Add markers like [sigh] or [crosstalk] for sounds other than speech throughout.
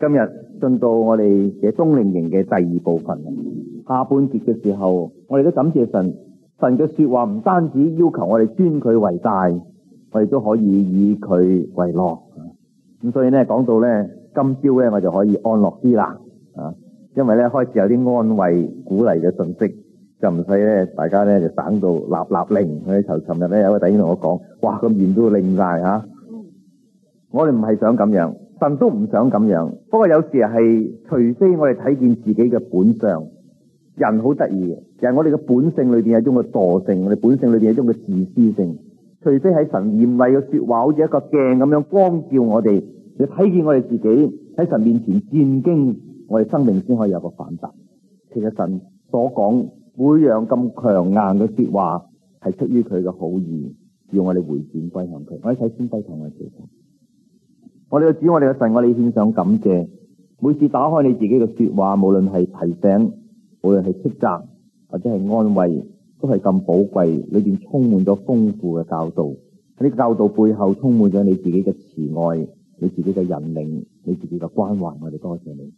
今日進到我哋嘅中靈營嘅第二部分，下半節嘅時候，我哋都感謝神，神嘅說話唔單止要求我哋尊佢為大，我哋都可以以佢為樂。咁所以呢，講到呢，今朝呢，我就可以安樂啲啦。啊，因為呢，開始有啲安慰鼓勵嘅信息，就唔使呢，大家呢就省到立立令。佢哋頭尋日呢，有個弟兄同我講，哇，個面都令晒吓、啊。我哋唔係想咁樣。神都唔想咁樣，不過有時係除非我哋睇見自己嘅本相。人好得意嘅，就係我哋嘅本性裏邊有一種嘅惰性，我哋本性裏邊有一種嘅自私性。除非喺神嚴厲嘅說話，好似一個鏡咁樣光照我哋，你睇見我哋自己喺神面前戰驚，我哋生命先可以有個反彈。其實神所講每樣咁強硬嘅說話，係出於佢嘅好意，要我哋回轉歸向佢。我哋睇先歸向嘅情我哋嘅主，我哋嘅神，我哋獻上感謝。每次打開你自己嘅說話，無論係提醒，無論係斥責，或者係安慰，都係咁寶貴。裏邊充滿咗豐富嘅教導，喺啲教導背後充滿咗你自己嘅慈愛，你自己嘅引領，你自己嘅關懷。我哋多謝你。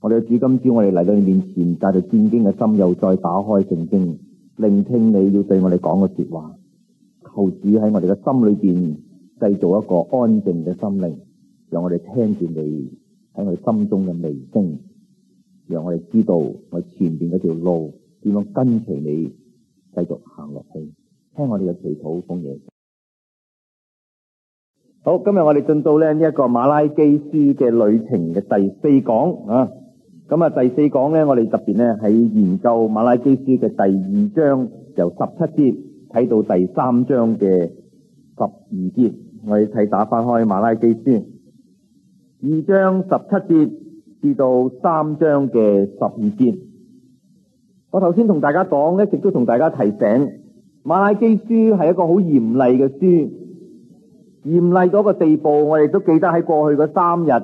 我哋嘅主，今朝我哋嚟到你面前，帶着戰兢嘅心，又再打開聖經，聆聽你要對我哋講嘅說話，求主喺我哋嘅心裏邊製造一個安靜嘅心靈。讓我哋聽住你喺我哋心中嘅微聲，讓我哋知道我前邊嗰條路點樣跟住你繼續行落去。聽我哋嘅祈禱風嘢。好，今日我哋進到咧呢一個瑪拉基書嘅旅程嘅第四講啊。咁啊，第四講咧，我哋特別咧喺研究瑪拉基書嘅第二章由十七節睇到第三章嘅十二節。我哋睇打翻開瑪拉基書。二章十七節至到三章嘅十二節，我頭先同大家講，一直都同大家提醒，馬拉基書係一個好嚴厲嘅書，嚴厲到一個地步，我哋都記得喺過去嘅三日，誒，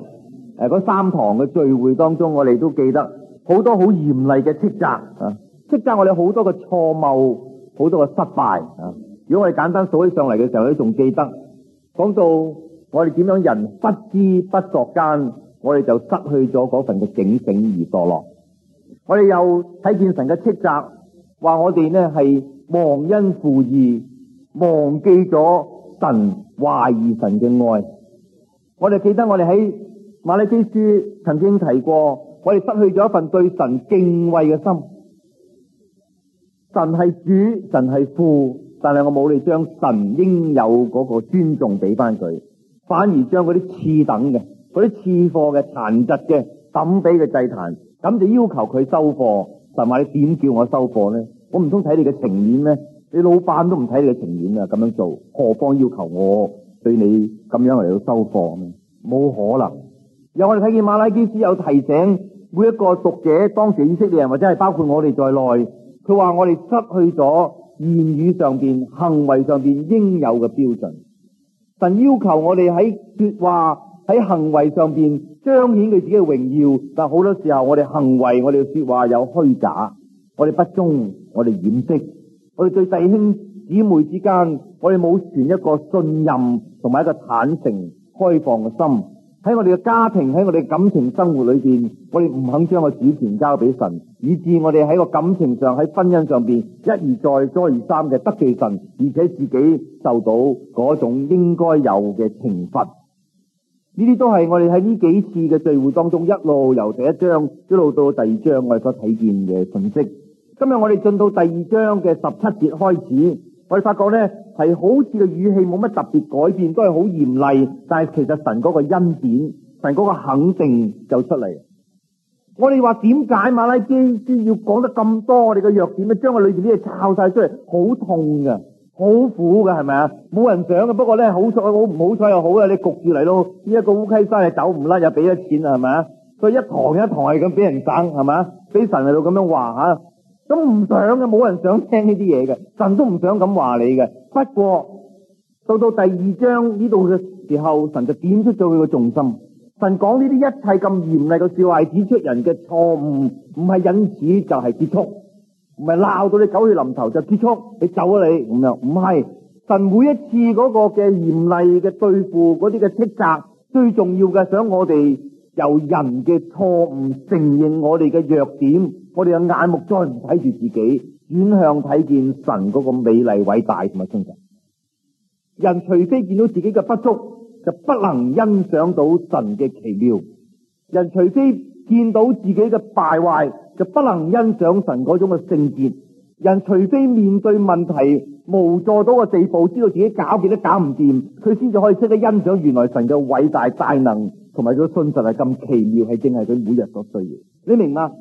嗰三堂嘅聚會當中，我哋都記得好多好嚴厲嘅斥責啊，斥責我哋好多嘅錯謬，好多嘅失敗啊。如果我哋簡單數起上嚟嘅時候，都仲記得講到。我哋點樣人不知不覺間，我哋就失去咗嗰份嘅警醒而墮落。我哋又睇見神嘅斥責，話我哋呢係忘恩負義，忘記咗神，懷疑神嘅愛。我哋記得我哋喺瑪拉基書曾經提過，我哋失去咗一份對神敬畏嘅心。神係主，神係父，但係我冇嚟將神應有嗰個尊重俾翻佢。反而將嗰啲次等嘅、嗰啲次貨嘅、殘疾嘅抌俾佢祭壇，咁就要求佢收貨，同埋你點叫我收貨呢？我唔通睇你嘅情面咩？你老闆都唔睇你嘅情面啊，咁樣做何況要求我對你咁樣嚟到收貨呢？冇可能。有我哋睇見《瑪拉基書》有提醒每一個讀者當時以色列人，或者係包括我哋在內，佢話我哋失去咗言語上邊、行為上邊應有嘅標準。神要求我哋喺說話、喺行為上邊彰顯佢自己嘅榮耀，但好多時候我哋行為、我哋嘅說話有虛假，我哋不忠，我哋掩飾，我哋對弟兄姊妹之間我哋冇存一個信任同埋一個坦誠開放嘅心。喺我哋嘅家庭，喺我哋嘅感情生活裏邊，我哋唔肯將個主權交俾神，以致我哋喺個感情上，喺婚姻上邊一而再、再而三嘅得罪神，而且自己受到嗰種應該有嘅懲罰。呢啲都係我哋喺呢幾次嘅聚會當中，一路由第一章一路到第二章我哋所睇見嘅信息。今日我哋進到第二章嘅十七節開始。我哋發覺咧，係好似個語氣冇乜特別改變，都係好嚴厲。但係其實神嗰個恩典，神嗰個肯定就出嚟。我哋話點解馬拉基先要講得咁多？我哋嘅弱點咧，將我裏邊啲嘢抄晒出嚟，好痛噶，好苦噶，係咪啊？冇人想嘅。不過咧，好彩好唔好彩又好啦。你焗住嚟咯，呢一個烏溪山係走唔甩，又俾咗錢啦，係咪啊？所以一堂一堂咁俾人爭，係咪啊？俾神喺度咁樣話吓。咁唔想嘅，冇人想聽呢啲嘢嘅。神都唔想咁話你嘅。不過到到第二章呢度嘅時候，神就點出咗佢個重心。神講呢啲一切咁嚴厲嘅說話，係指出人嘅錯誤，唔係引此就係、是、結束，唔係鬧到你狗血淋頭就結束，你走咗，你咁樣。唔係神每一次嗰個嘅嚴厲嘅對付，嗰啲嘅斥責，最重要嘅想我哋由人嘅錯誤承認我哋嘅弱點。我哋嘅眼目再唔睇住自己，轉向睇見神嗰個美麗偉大同埋精神。人除非見到自己嘅不足，就不能欣賞到神嘅奇妙；人除非見到自己嘅敗壞，就不能欣賞神嗰種嘅聖潔。人除非面對問題無助到個地步，知道自己搞幾多搞唔掂，佢先至可以識得欣賞原來神嘅偉大大能同埋佢嘅信實係咁奇妙，係正係佢每日所需要。你明嘛？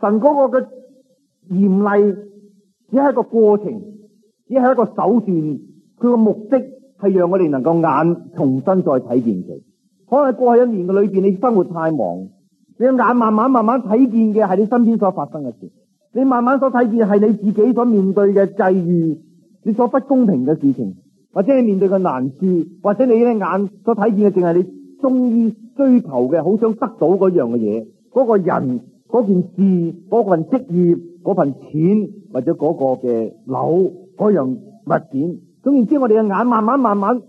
神嗰個嘅嚴厲，只係一個過程，只係一個手段。佢個目的係讓我哋能夠眼重新再睇見佢。可能過去一年嘅裏邊，你生活太忙，你眼慢慢慢慢睇見嘅係你身邊所發生嘅事，你慢慢所睇見係你自己所面對嘅際遇，你所不公平嘅事情，或者你面對嘅難處，或者你嘅眼所睇見嘅淨係你鍾意追求嘅，好想得到嗰樣嘅嘢，嗰、那個人。嗰件事，嗰份職業，嗰份錢，或者嗰個嘅樓，嗰樣物件，總然之我哋嘅眼慢慢慢慢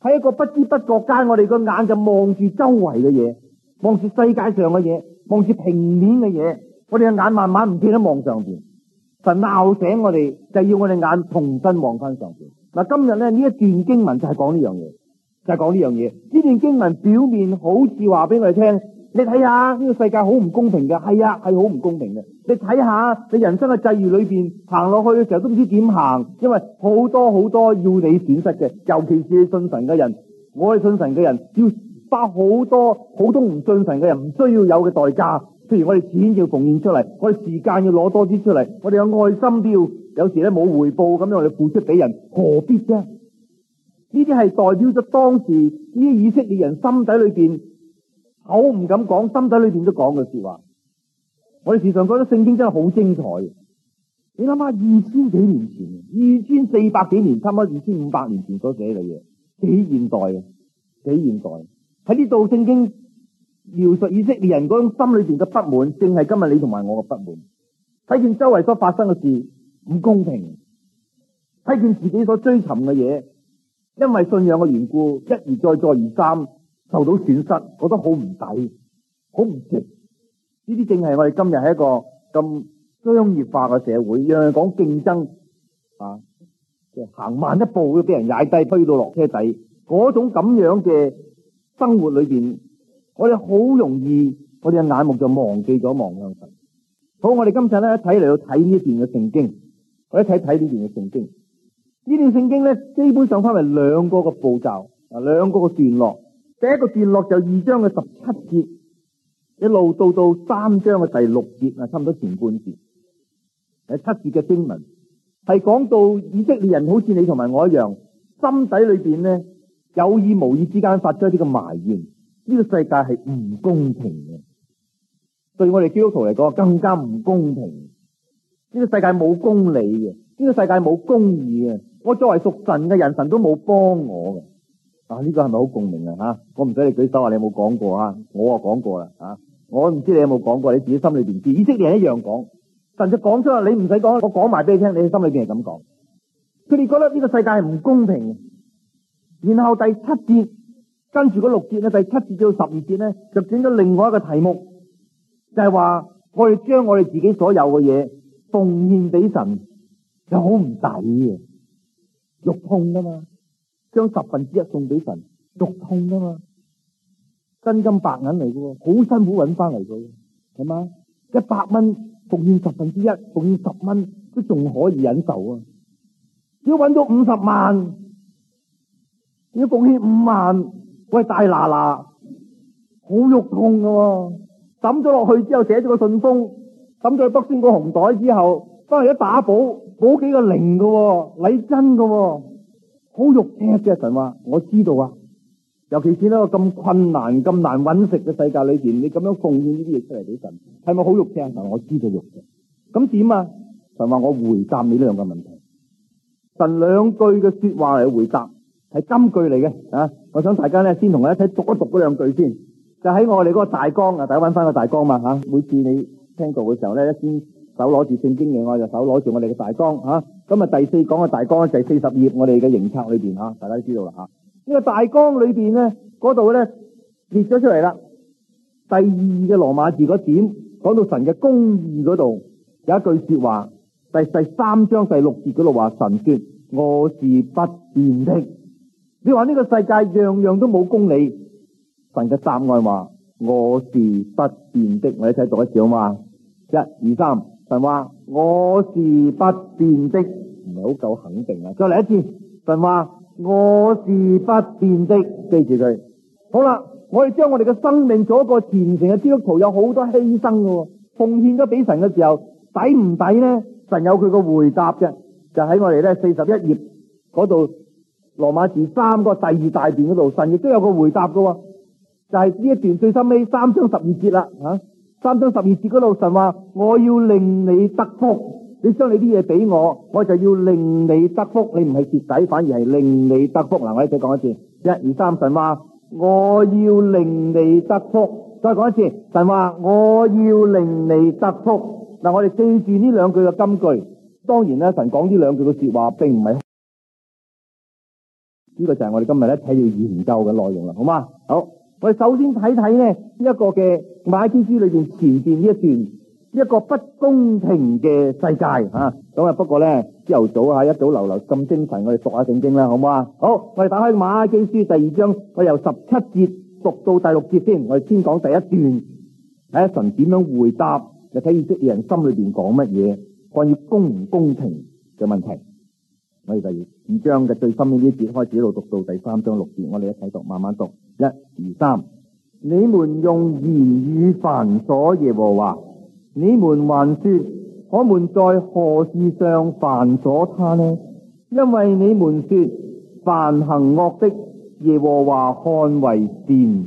喺一個不知不覺間，我哋個眼就望住周圍嘅嘢，望住世界上嘅嘢，望住平面嘅嘢。我哋嘅眼慢慢唔見得望上邊，就鬧醒我哋，就要我哋眼重新望翻上邊。嗱，今日咧呢一段經文就係講呢樣嘢，就係講呢樣嘢。呢段經文表面好似話俾我哋聽。你睇下呢個世界好唔公平嘅？係啊，係好唔公平嘅。你睇下你人生嘅際遇裏邊行落去嘅時候都唔知點行，因為好多好多要你損失嘅，尤其是你信神嘅人，我哋信神嘅人要花好多好多唔信神嘅人唔需要有嘅代價，譬如我哋錢要奉獻出嚟，我哋時間要攞多啲出嚟，我哋有愛心都要，有時咧冇回報咁樣，我哋付出俾人，何必啫？呢啲係代表咗當時呢啲以色列人心底裏邊。我唔敢講，心底裏邊都講嘅說話。我哋時常覺得聖經真係好精彩。你諗下，二千幾年前，二千四百幾年，差唔多二千五百年前所寫嘅嘢，幾現代啊？幾現代？喺呢度聖經描述以色列人嗰種心裏邊嘅不滿，正係今日你同埋我嘅不滿。睇見周圍所發生嘅事唔公平，睇見自己所追尋嘅嘢，因為信仰嘅緣故，一而再，再，再而三。受到損失，覺得好唔抵，好唔值。呢啲正係我哋今日係一個咁商業化嘅社會，讓人講競爭啊，行慢一步會俾人踩低，推到落車底。嗰種咁樣嘅生活裏邊，我哋好容易，我哋嘅眼目就忘記咗望向神。好，我哋今日咧一睇嚟到睇呢一段嘅聖經，我一睇睇呢段嘅聖經，呢段聖經咧基本上分為兩個嘅步驟，啊，兩個嘅段落。第一個段落就二章嘅十七節，一路到到三章嘅第六節啊，差唔多前半節第七節嘅經文，係講到以色列人好似你同埋我一樣，心底裏邊呢有意無意之間發出一啲嘅埋怨，呢個世界係唔公平嘅，對我哋基督徒嚟講更加唔公平，呢個世界冇公理嘅，呢個世界冇公義嘅，我作為屬神嘅人，神都冇幫我嘅。呢、啊呢個係咪好共鳴啊？吓，我唔使你舉手，話你有冇講過啊，我啊講過啦啊！我唔知你有冇講過，你自己心裏邊知，以色列人一樣講，甚至講出嚟，你唔使講，我講埋俾你聽，你嘅心裏邊係咁講。佢哋覺得呢個世界係唔公平。然後第七節跟住嗰六節呢，第七節到十二節呢，就轉咗另外一個題目，就係、是、話我哋將我哋自己所有嘅嘢奉獻俾神，就好唔抵嘅，肉痛噶嘛。將十分之一送俾神，肉痛啊嘛，真金白銀嚟噶，好辛苦揾翻嚟噶，係嘛？一百蚊奉獻十分之一，奉獻十蚊都仲可以忍受啊！如果揾到五十萬，要奉獻五萬，喂大嗱嗱，好肉痛噶！抌咗落去之後，寫咗個信封，抌咗去北邊個紅袋之後，翻嚟一打寶寶幾個零噶、啊，禮真噶、啊。好肉聽啫！神話我知道啊，尤其是喺一個咁困難、咁難揾食嘅世界裏邊，你咁樣奉獻呢啲嘢出嚟俾神，係咪好肉聽？神話我知道肉聽，咁點啊？神話我回答你呢兩個問題，神兩句嘅說話嚟回答，係金句嚟嘅啊！我想大家咧，先同我一齊讀一讀嗰兩句先。就喺我哋嗰個大綱啊，大家揾翻個大綱嘛吓、啊。每次你聽到嘅時候咧，一先手攞住聖經嘅，我就手攞住我哋嘅大綱吓。啊咁啊，第四講嘅大綱咧，就係四十頁我哋嘅營測裏邊吓，大家都知道啦吓。呢個大綱裏邊咧，嗰度咧列咗出嚟，啦。第二嘅羅馬字嗰點，講到神嘅公義嗰度有一句說話，第第三章第六節嗰度話神說：我是不變的。你話呢個世界樣樣都冇公理，神嘅答案話：我是不變的。我哋一齊讀一次好嘛？一二三，神話：我是不變的。唔係好夠肯定啊！再嚟一次，神話，我是不變的，記住佢。好啦，我哋將我哋嘅生命做一個虔誠嘅基督徒，有好多犧牲嘅，奉獻咗俾神嘅時候，抵唔抵呢？神有佢個回答嘅，就喺我哋咧四十一頁嗰度，羅馬字三個第二大段嗰度，神亦都有個回答嘅，就係、是、呢一段最收尾三章十二節啦。吓、啊，三章十二節嗰度，神話，我要令你得福。你將你啲嘢俾我，我就要令你得福。你唔係蝕底，反而係令你得福。嗱，我呢度講一次，一二三，神話，我要令你得福。再講一次，神話，我要令你得福。嗱，我哋記住呢兩句嘅金句。當然咧，神講呢兩句嘅說話並，並唔係呢個就係我哋今日咧，一齊要研究嘅內容啦，好嗎？好，我哋首先睇睇呢一個嘅瑪拉基書裡邊前邊呢一段。一個不公平嘅世界吓，咁啊！不過咧，朝頭早吓，一早流流咁精神，我哋讀下聖經啦，好唔好啊？好，我哋打開《瑪拉基書》第二章，我由十七節讀到第六節先。我哋先講第一段，睇神點樣回答，就睇以色列人心裏邊講乜嘢，關於公唔公平嘅問題。我哋第二章嘅最深呢啲節開始，一路讀到第三章六節，我哋一齊讀，慢慢讀。一、二、三，你們用言語煩瑣耶和華。你們還說，我們在何事上煩咗他呢？因為你們說，凡行惡的，耶和華看為善，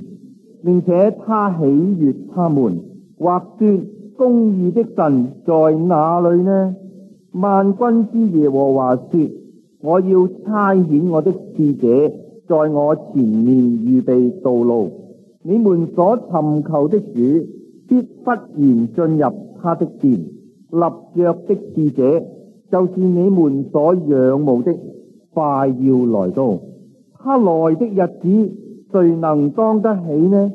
並且他喜悦他們。或說，公義的神在哪裏呢？萬軍之耶和華說，我要差遣我的使者在我前面預備道路。你們所尋求的主。必忽然進入他的殿，立約的智者就是你們所仰慕的，快要來到。他來的日子，誰能當得起呢？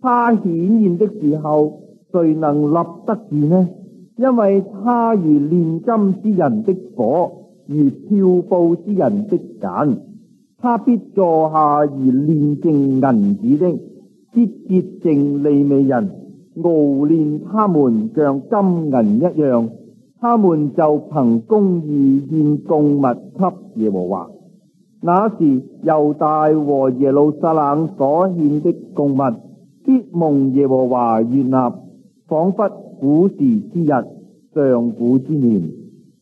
他顯現的時候，誰能立得住呢？因為他如煉金之人的火，如跳布之人的鹼。他必坐下而煉淨銀子的，必潔淨利未人。熬煉他們像金銀一樣，他們就憑公義獻供物給耶和華。那時，猶大和耶路撒冷所獻的供物必蒙耶和華悅納，仿佛古時之日，上古之年。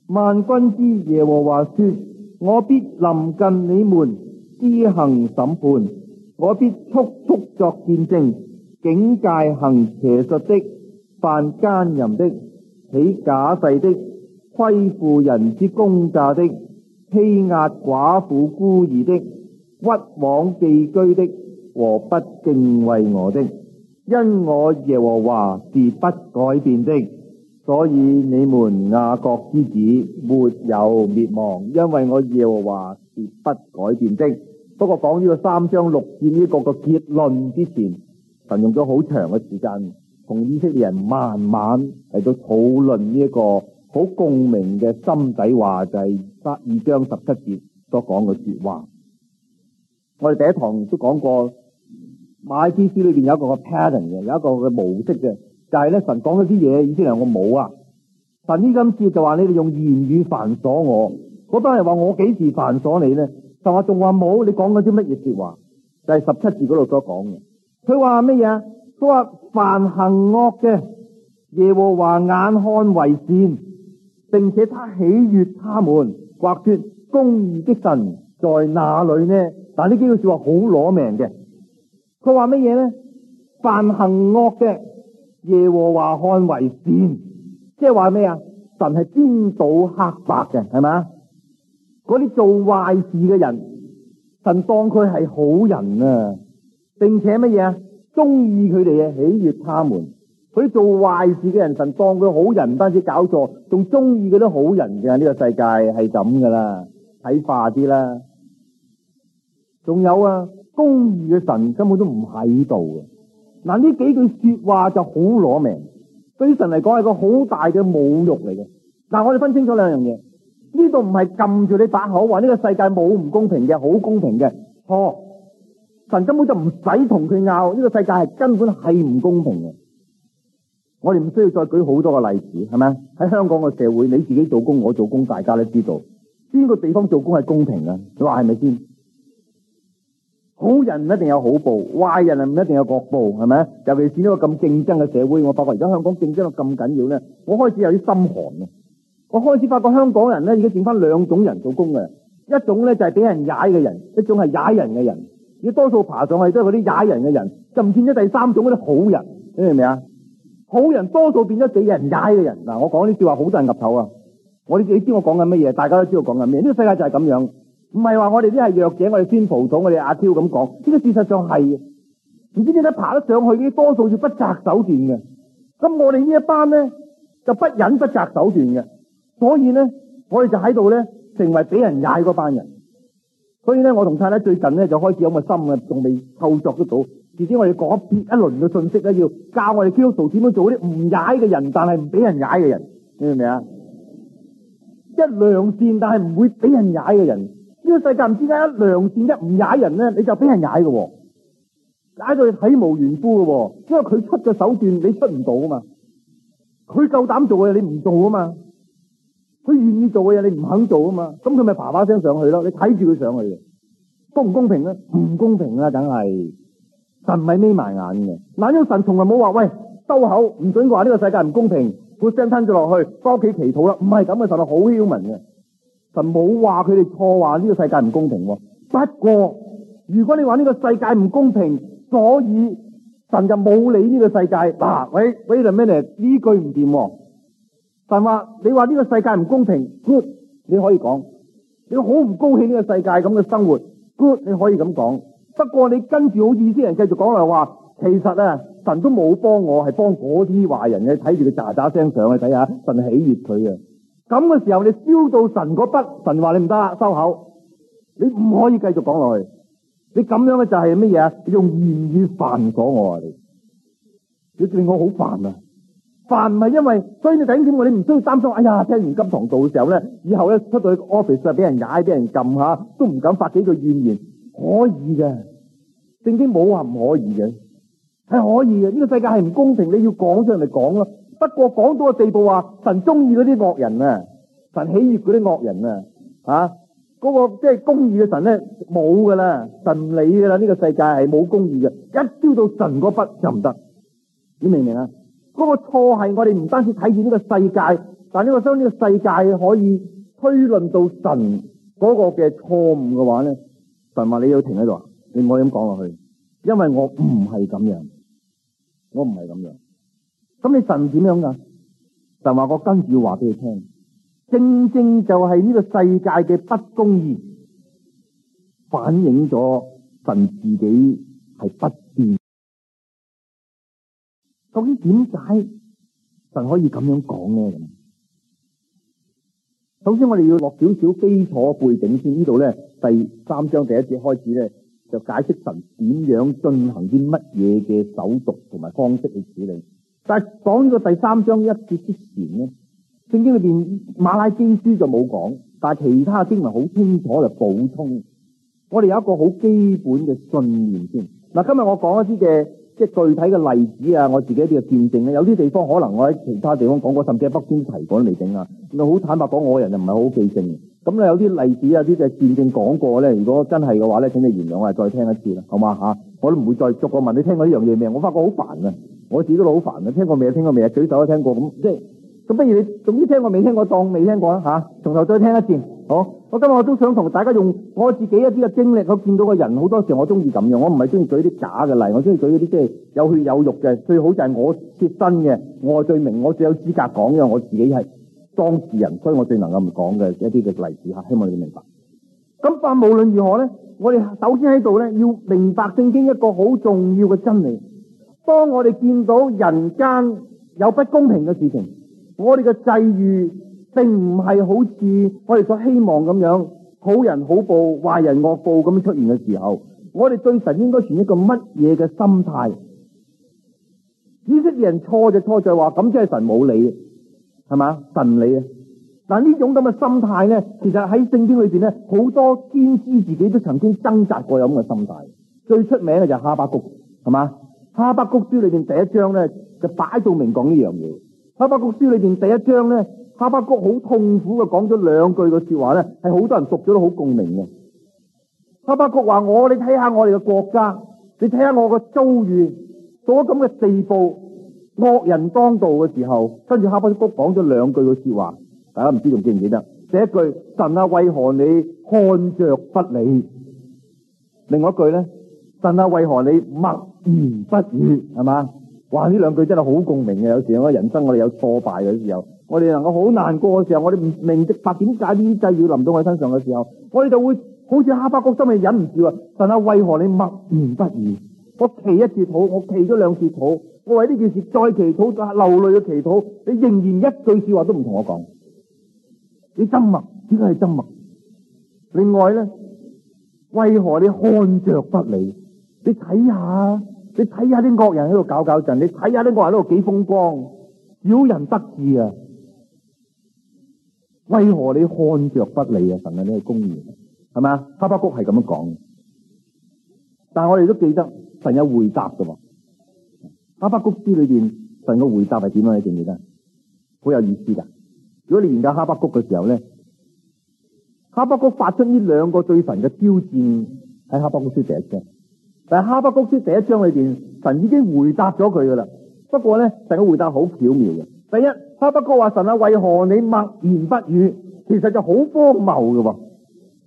萬軍之耶和華說：我必臨近你們施行審判，我必速速作見證。警戒行邪術的、犯奸淫的、起假誓的、虧負人之公價的、欺壓寡婦孤兒的、屈枉寄居的和不敬畏我的，因我耶和華是不改變的，所以你們雅各之子沒有滅亡，因為我耶和華是不改變的。不過講呢個三章六節呢個，個個結論之前。神用咗好長嘅時間，同以色列人慢慢嚟到討論呢一個好共鳴嘅心底話，就係第二章十七節所講嘅說話。我哋第一堂都講過，瑪拉基書裏邊有一個嘅 pattern 嘅，有一個嘅模式嘅，就係、是、咧，神講咗啲嘢，以色列人我冇啊。神呢今次就話你哋用言語煩瑣我，嗰班人話我幾時煩瑣你呢？」就話仲話冇，你講嗰啲乜嘢說話？就係十七節嗰度所講嘅。佢話乜嘢啊？佢話凡行惡嘅，耶和華眼看為善，並且他喜悦他們，或說公義的神在哪裡呢？但呢幾句說話好攞命嘅。佢話乜嘢呢？凡行惡嘅，耶和華看為善，即係話咩啊？神係顛倒黑白嘅，係咪？嗰啲做壞事嘅人，神當佢係好人啊！並且乜嘢啊？中意佢哋啊，喜悦他們。佢做壞事嘅人神，神當佢好人，唔單止搞錯，仲中意佢啲好人嘅呢、呢個世界係咁噶啦，睇化啲啦。仲有啊，公義嘅神根本都唔喺度嘅。嗱，呢幾句說話就好攞命，對神嚟講係個好大嘅侮辱嚟嘅。嗱，我哋分清楚兩樣嘢，呢度唔係撳住你把口話呢個世界冇唔公平嘅，好公平嘅，錯。哦神根本就唔使同佢拗，呢個世界係根本係唔公平嘅。我哋唔需要再舉好多個例子，係咪喺香港嘅社會，你自己做工，我做工，大家都知道邊個地方做工係公平啊？你話係咪先？好人唔一定有好報，壞人啊唔一定有惡報，係咪？尤其是呢個咁競爭嘅社會，我發覺而家香港競爭到咁緊要咧，我開始有啲心寒啊！我開始發覺香港人咧已經變翻兩種人，做工嘅一種咧就係俾人踩嘅人，一種係踩人嘅人。你多數爬上去都係嗰啲踩人嘅人，就唔見咗第三種嗰啲好人，明唔明啊？好人多數變咗俾人踩嘅人。嗱，我講呢啲說話好多人岌頭啊！我你知我講緊乜嘢？大家都知道講緊咩？呢個世界就係咁樣，唔係話我哋啲係弱者，我哋先服從，我哋阿超咁講。呢個事實上係嘅。唔知點解爬得上去呢啲多數要不擇手段嘅，咁我哋呢一班咧就不忍不擇手段嘅，所以咧我哋就喺度咧成為俾人踩嗰班人。所以咧，我同太太最近咧就開始有個心啊，仲未操作得到。遲啲我哋講一一輪嘅信息咧，要教我哋基督徒點樣做啲唔曳嘅人，但係唔俾人踩嘅人，你明唔明啊？一良善但係唔會俾人踩嘅人，呢個世界唔知點解一良善一唔踩人咧，你就俾人踩嘅喎，踩到你體無完膚嘅喎，因為佢出嘅手段你出唔到啊嘛，佢夠膽做嘅你唔做啊嘛。佢願意做嘅嘢，你唔肯做啊嘛，咁佢咪爬爬聲上去咯。你睇住佢上去嘅，公唔公平咧？唔公平啦，梗係。神唔係眯埋眼嘅，那個、神從有神從來冇話喂，收口，唔准話呢個世界唔公平，佢聲吞咗落去翻屋企祈禱啦。唔係咁啊，神係好 human 嘅，神冇話佢哋錯，話呢個世界唔公平。不過如果你話呢個世界唔公平，所以神就冇理呢個世界。嗱、呃，喂喂，wait a minute 呢句唔掂。但話你話呢個世界唔公平，good 你可以講，你好唔高興呢個世界咁嘅生活，good 你可以咁講。不過你跟住好意思，人繼續講嚟話，其實啊神都冇幫我，係幫嗰啲壞人嘅。睇住佢喳喳聲上去，睇下神喜悅佢啊。咁嘅時候你燒到神嗰筆，神話你唔得啊，收口，你唔可以繼續講落去。你咁樣嘅就係乜嘢啊？用言語煩咗我啊！你，你令我好煩啊！凡唔係因為，所以你頂點我，你唔需要擔心。哎呀，聽完金堂道嘅時候咧，以後咧出到去 office 啊，俾人踩，俾人撳下,都唔敢發幾句怨言，可以嘅，正經冇話唔可以嘅，係可以嘅。呢、這個世界係唔公平，你要講出嚟講咯。不過講到個地步啊，神中意嗰啲惡人啊，神喜悅嗰啲惡人啊，啊，嗰、那個即係公義嘅神咧冇噶啦，神唔理噶啦。呢、這個世界係冇公義嘅，一朝到神嗰筆就唔得，你明唔明啊？嗰個錯係我哋唔單止睇見呢個世界，但呢個將呢個世界可以推論到神嗰個嘅錯誤嘅話咧，神話你要停喺度，你唔可以咁講落去，因為我唔係咁樣，我唔係咁樣。咁你神點樣㗎？神話我跟住要話俾你聽，正正就係呢個世界嘅不公義反映咗神自己係不公。究竟點解神可以咁樣講咧？咁首先我哋要落少少基礎背景先。呢度咧，第三章第一節開始咧，就解釋神點樣進行啲乜嘢嘅手續同埋方式去處理。但係講呢個第三章一節之前呢，聖經裏邊瑪拉基書就冇講，但係其他經文好清楚嚟補充。我哋有一個好基本嘅信念先。嗱，今日我講一啲嘅。即係具體嘅例子啊！我自己一啲嘅見證咧，有啲地方可能我喺其他地方講過，甚至喺北京提過都未定啊！我好坦白講，我個人就唔係好記性。咁咧有啲例子啊，啲嘅見證講過咧，如果真係嘅話咧，請你原諒我再聽一次啦，好嘛嚇？啊？我都唔會再逐個問你聽過呢樣嘢未？我發覺好煩啊！我自己都好煩啊！聽過未啊？聽過未啊？舉手都聽過咁，即係咁，不如你總之聽過未？聽過當未聽過啊？嚇？從頭再聽一次。我今日我都想同大家用我自己一啲嘅經歷，去見到嘅人，好多時我中意咁樣，我唔係中意舉啲假嘅例，我中意舉啲即係有血有肉嘅，最好就係我切身嘅，我最明，我最有資格講，因為我自己係當事人，所以我最能夠講嘅一啲嘅例子吓，希望你哋明白。咁、嗯、但無論如何咧，我哋首先喺度咧要明白聖經一個好重要嘅真理。當我哋見到人間有不公平嘅事情，我哋嘅際遇。並唔係好似我哋所希望咁樣，好人好報、壞人惡報咁樣出現嘅時候，我哋對神應該存一個乜嘢嘅心態？指嘅人錯就錯在話，咁即係神冇理，係嘛？神理啊！嗱，呢種咁嘅心態呢，其實喺聖經裏邊呢，好多堅知自己都曾經掙扎過有咁嘅心態。最出名嘅就係哈巴谷，係嘛？哈巴谷書裏邊第一章呢，就擺到明講呢樣嘢。哈巴谷書裏邊第一章呢。哈巴谷好痛苦嘅，講咗兩句嘅說話咧，係好多人讀咗都好共鳴嘅。哈巴谷話：我你睇下我哋嘅國家，你睇下我嘅遭遇到咗咁嘅地步，惡人當道嘅時候，跟住哈巴谷講咗兩句嘅說話，大家唔知仲記唔記得？第一句：神啊，為何你看着不理？另外一句咧：神啊，為何你默言不語？係嘛？哇！呢兩句真係好共鳴嘅。有時我人生我哋有挫敗嘅時候。我哋能夠好難過嘅時候，我哋唔明明白點解呢啲際要臨到我身上嘅時候，我哋就會好似哈巴谷心係忍唔住啊！但係，為何你默然不語？我祈一次禱，我祈咗兩次禱，我為呢件事再祈禱，流淚嘅祈禱，你仍然一句說話都唔同我講。你沉默，點解係沉默？另外呢，為何你看着不理？你睇下，你睇下啲惡人喺度搞搞震，你睇下啲惡人喺度幾風光，小人得志啊！為何你看着不理啊？神你啊，呢個公義係咪啊？哈巴谷係咁樣講嘅，但係我哋都記得神有回答嘅喎。哈巴谷書裏邊神嘅回答係點樣？你記唔記得？好有意思噶。如果你研究哈巴谷嘅時候咧，哈巴谷發出呢兩個對神嘅挑戰喺哈巴谷書第一章，但係哈巴谷書第一章裏邊神已經回答咗佢噶啦。不過咧，神嘅回答好巧妙嘅。第一，哈巴谷話神啊，為何你默言不語？其實就好荒謬嘅。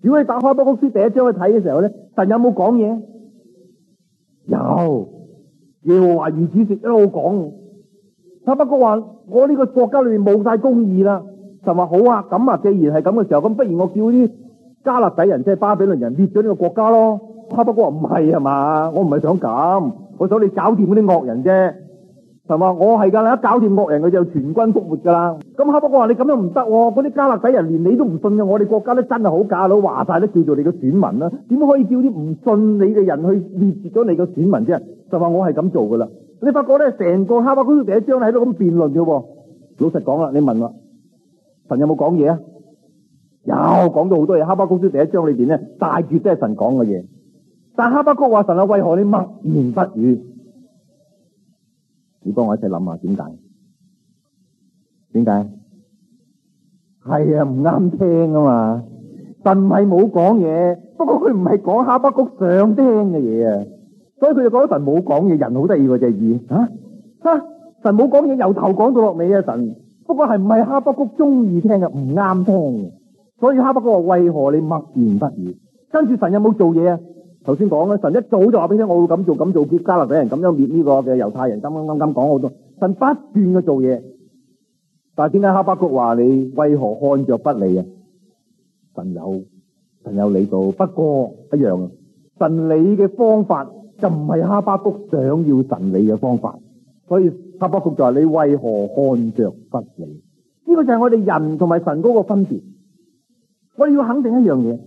如果你打開《哈巴谷書》第一章去睇嘅時候咧，神有冇講嘢？有，耶和華如此直一路講。哈巴谷話：我呢個國家裏邊冇晒公義啦。神話好啊，咁啊，既然係咁嘅時候，咁不如我叫啲加勒底人，即係巴比倫人，滅咗呢個國家咯。哈巴谷話唔係啊嘛，我唔係想咁，我想你搞掂嗰啲惡人啫。神話：我係噶啦，一搞掂惡人，佢就全軍覆沒噶啦。咁哈巴谷話：你咁樣唔得，嗰啲加勒底人連你都唔信嘅，我哋國家都真係好假佬，話晒都叫做你嘅選民啦。點可以叫啲唔信你嘅人去滅絕咗你嘅選民啫？就話我係咁做噶啦。你發覺咧，成個哈巴谷書第一章喺度咁辯論嘅。老實講啦，你問啦，神有冇講嘢啊？有講咗好多嘢。哈巴谷書第一章裏邊咧，大絕都係神講嘅嘢。但哈巴谷話：神啊，為何你默然不語？你幫我一齊諗下點解？點解？係啊，唔啱聽啊嘛。神唔係冇講嘢，不過佢唔係講哈巴谷想聽嘅嘢啊，所以佢就覺得神冇講嘢。人好得意嗰隻耳，吓吓，神冇講嘢，由頭講到落尾啊，神。不過係唔係哈巴谷鍾意聽嘅？唔啱聽。所以哈巴谷話：為何你默然不語？跟住神有冇做嘢啊？頭先講嘅神一早就話俾你聽，我會咁做咁做，加加勒比人咁樣滅呢個嘅猶太人，啱啱啱講好多，神不斷嘅做嘢，但係點解哈巴谷話，你為何看着不理啊？神有神有你做，不過一樣，神理嘅方法就唔係哈巴谷想要神理嘅方法，所以哈巴谷就話，你為何看着不理？呢個就係我哋人同埋神嗰個分別，我哋要肯定一樣嘢。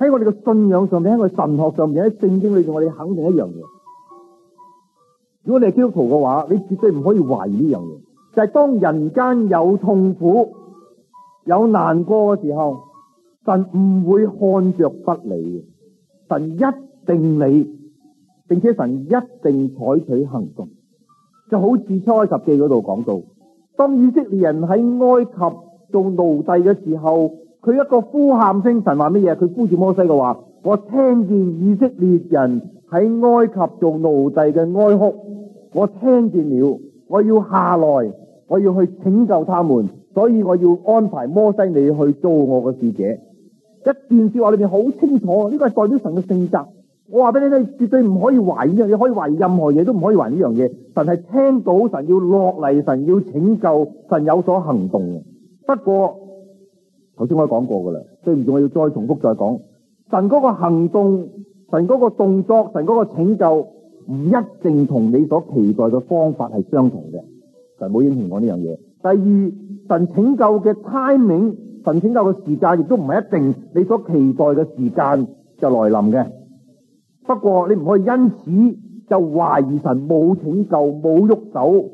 喺我哋嘅信仰上面，喺我哋神學上面，喺聖經裏邊，我哋肯定一樣嘢。如果你係基督徒嘅話，你絕對唔可以懷疑呢樣嘢。就係、是、當人間有痛苦，有難過嘅時候，神唔會看着不理，神一定理，並且神一定採取行動。就好似出埃及記嗰度講到，當以色列人喺埃及做奴隸嘅時候。佢一個呼喊聲，神話乜嘢？佢呼住摩西嘅話，我聽見以色列人喺埃及做奴隸嘅哀哭，我聽見了，我要下來，我要去拯救他們，所以我要安排摩西，你去做我嘅使者。一段說話裏邊好清楚，呢個係代表神嘅性格。我話俾你聽，你絕對唔可以懷疑呢樣嘢，你可以懷疑任何嘢，都唔可以懷疑呢樣嘢。神係聽到，神要落嚟，神要拯救，神有所行動。不過。頭先我講過噶啦，對唔住，我要再重複再講，神嗰個行動，神嗰個動作，神嗰個拯救，唔一定同你所期待嘅方法係相同嘅。神冇應承講呢樣嘢。第二，神拯救嘅 timing，神拯救嘅時間，亦都唔係一定你所期待嘅時間就來臨嘅。不過你唔可以因此就懷疑神冇拯救，冇喐手，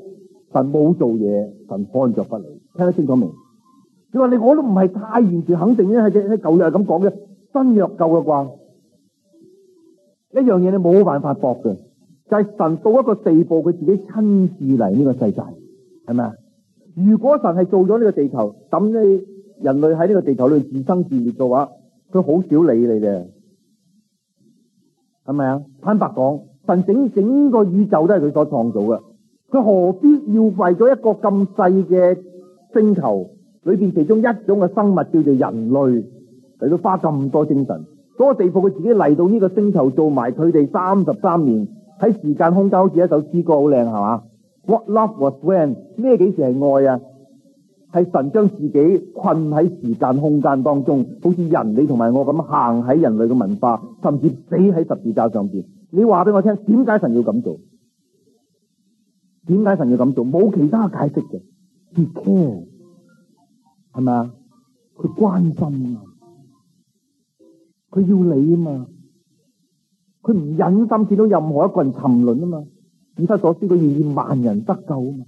神冇做嘢，神安坐不嚟。聽得清楚未？你話，你我都唔係太完全肯定咧，係舊約又係咁講嘅，新約夠嘅啩？一樣嘢你冇辦法搏嘅，就係、是、神到一個地步，佢自己親自嚟呢個世界，係咪啊？如果神係做咗呢個地球，抌你人類喺呢個地球裏自生自滅嘅話，佢好少理你嘅，係咪啊？坦白講，神整整個宇宙都係佢所創造嘅，佢何必要為咗一個咁細嘅星球？裏邊其中一種嘅生物叫做人類，嚟到花咁多精神嗰、那個地步，佢自己嚟到呢個星球做埋佢哋三十三年，喺時間空間好似一首詩歌好靚，係嘛？What love was when 咩？幾時係愛啊？係神將自己困喺時間空間當中，好似人你同埋我咁行喺人類嘅文化，甚至死喺十字架上邊。你話俾我聽，點解神要咁做？點解神要咁做？冇其他解釋嘅係咪啊？佢關心啊，佢要你啊嘛，佢唔忍心見到任何一個人沉淪啊嘛。以他所知，佢願意萬人得救啊嘛。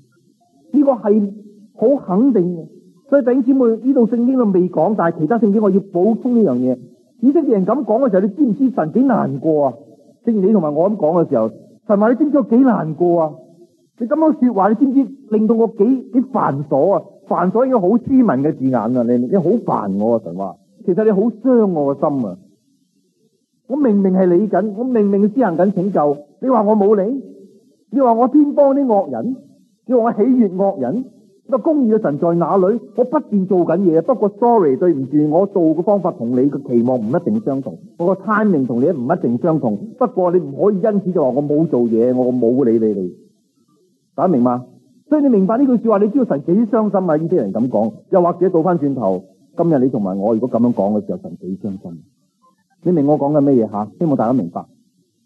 呢個係好肯定嘅。所以弟兄姊妹，呢度聖經都未講，但係其他聖經我要補充呢樣嘢。以色列人咁講嘅時候，你知唔知神幾難過啊？正如你同埋我咁講嘅時候，神話你知唔知我幾難過啊？你咁樣說話，你知唔知令到我幾幾繁瑣啊？凡所有好斯文嘅字眼啊，你你好煩我啊神話，其實你好傷我嘅心啊！我明明係理緊，我明明施行緊拯救，你話我冇理，你話我偏幫啲惡人，你話我喜悅惡人，咁啊公義嘅神在哪裏？我不斷做緊嘢，不過 sorry 對唔住，我做嘅方法同你嘅期望唔一定相同，我嘅 timing 同你唔一定相同，不過你唔可以因此就話我冇做嘢，我冇理你哋，大家明嘛？所以你明白呢句說話，你知道神幾傷心啊？呢啲人咁講，又或者倒翻轉頭，今日你同埋我如果咁樣講嘅時候，神幾傷心？你明我講緊咩嘢吓？希望大家明白，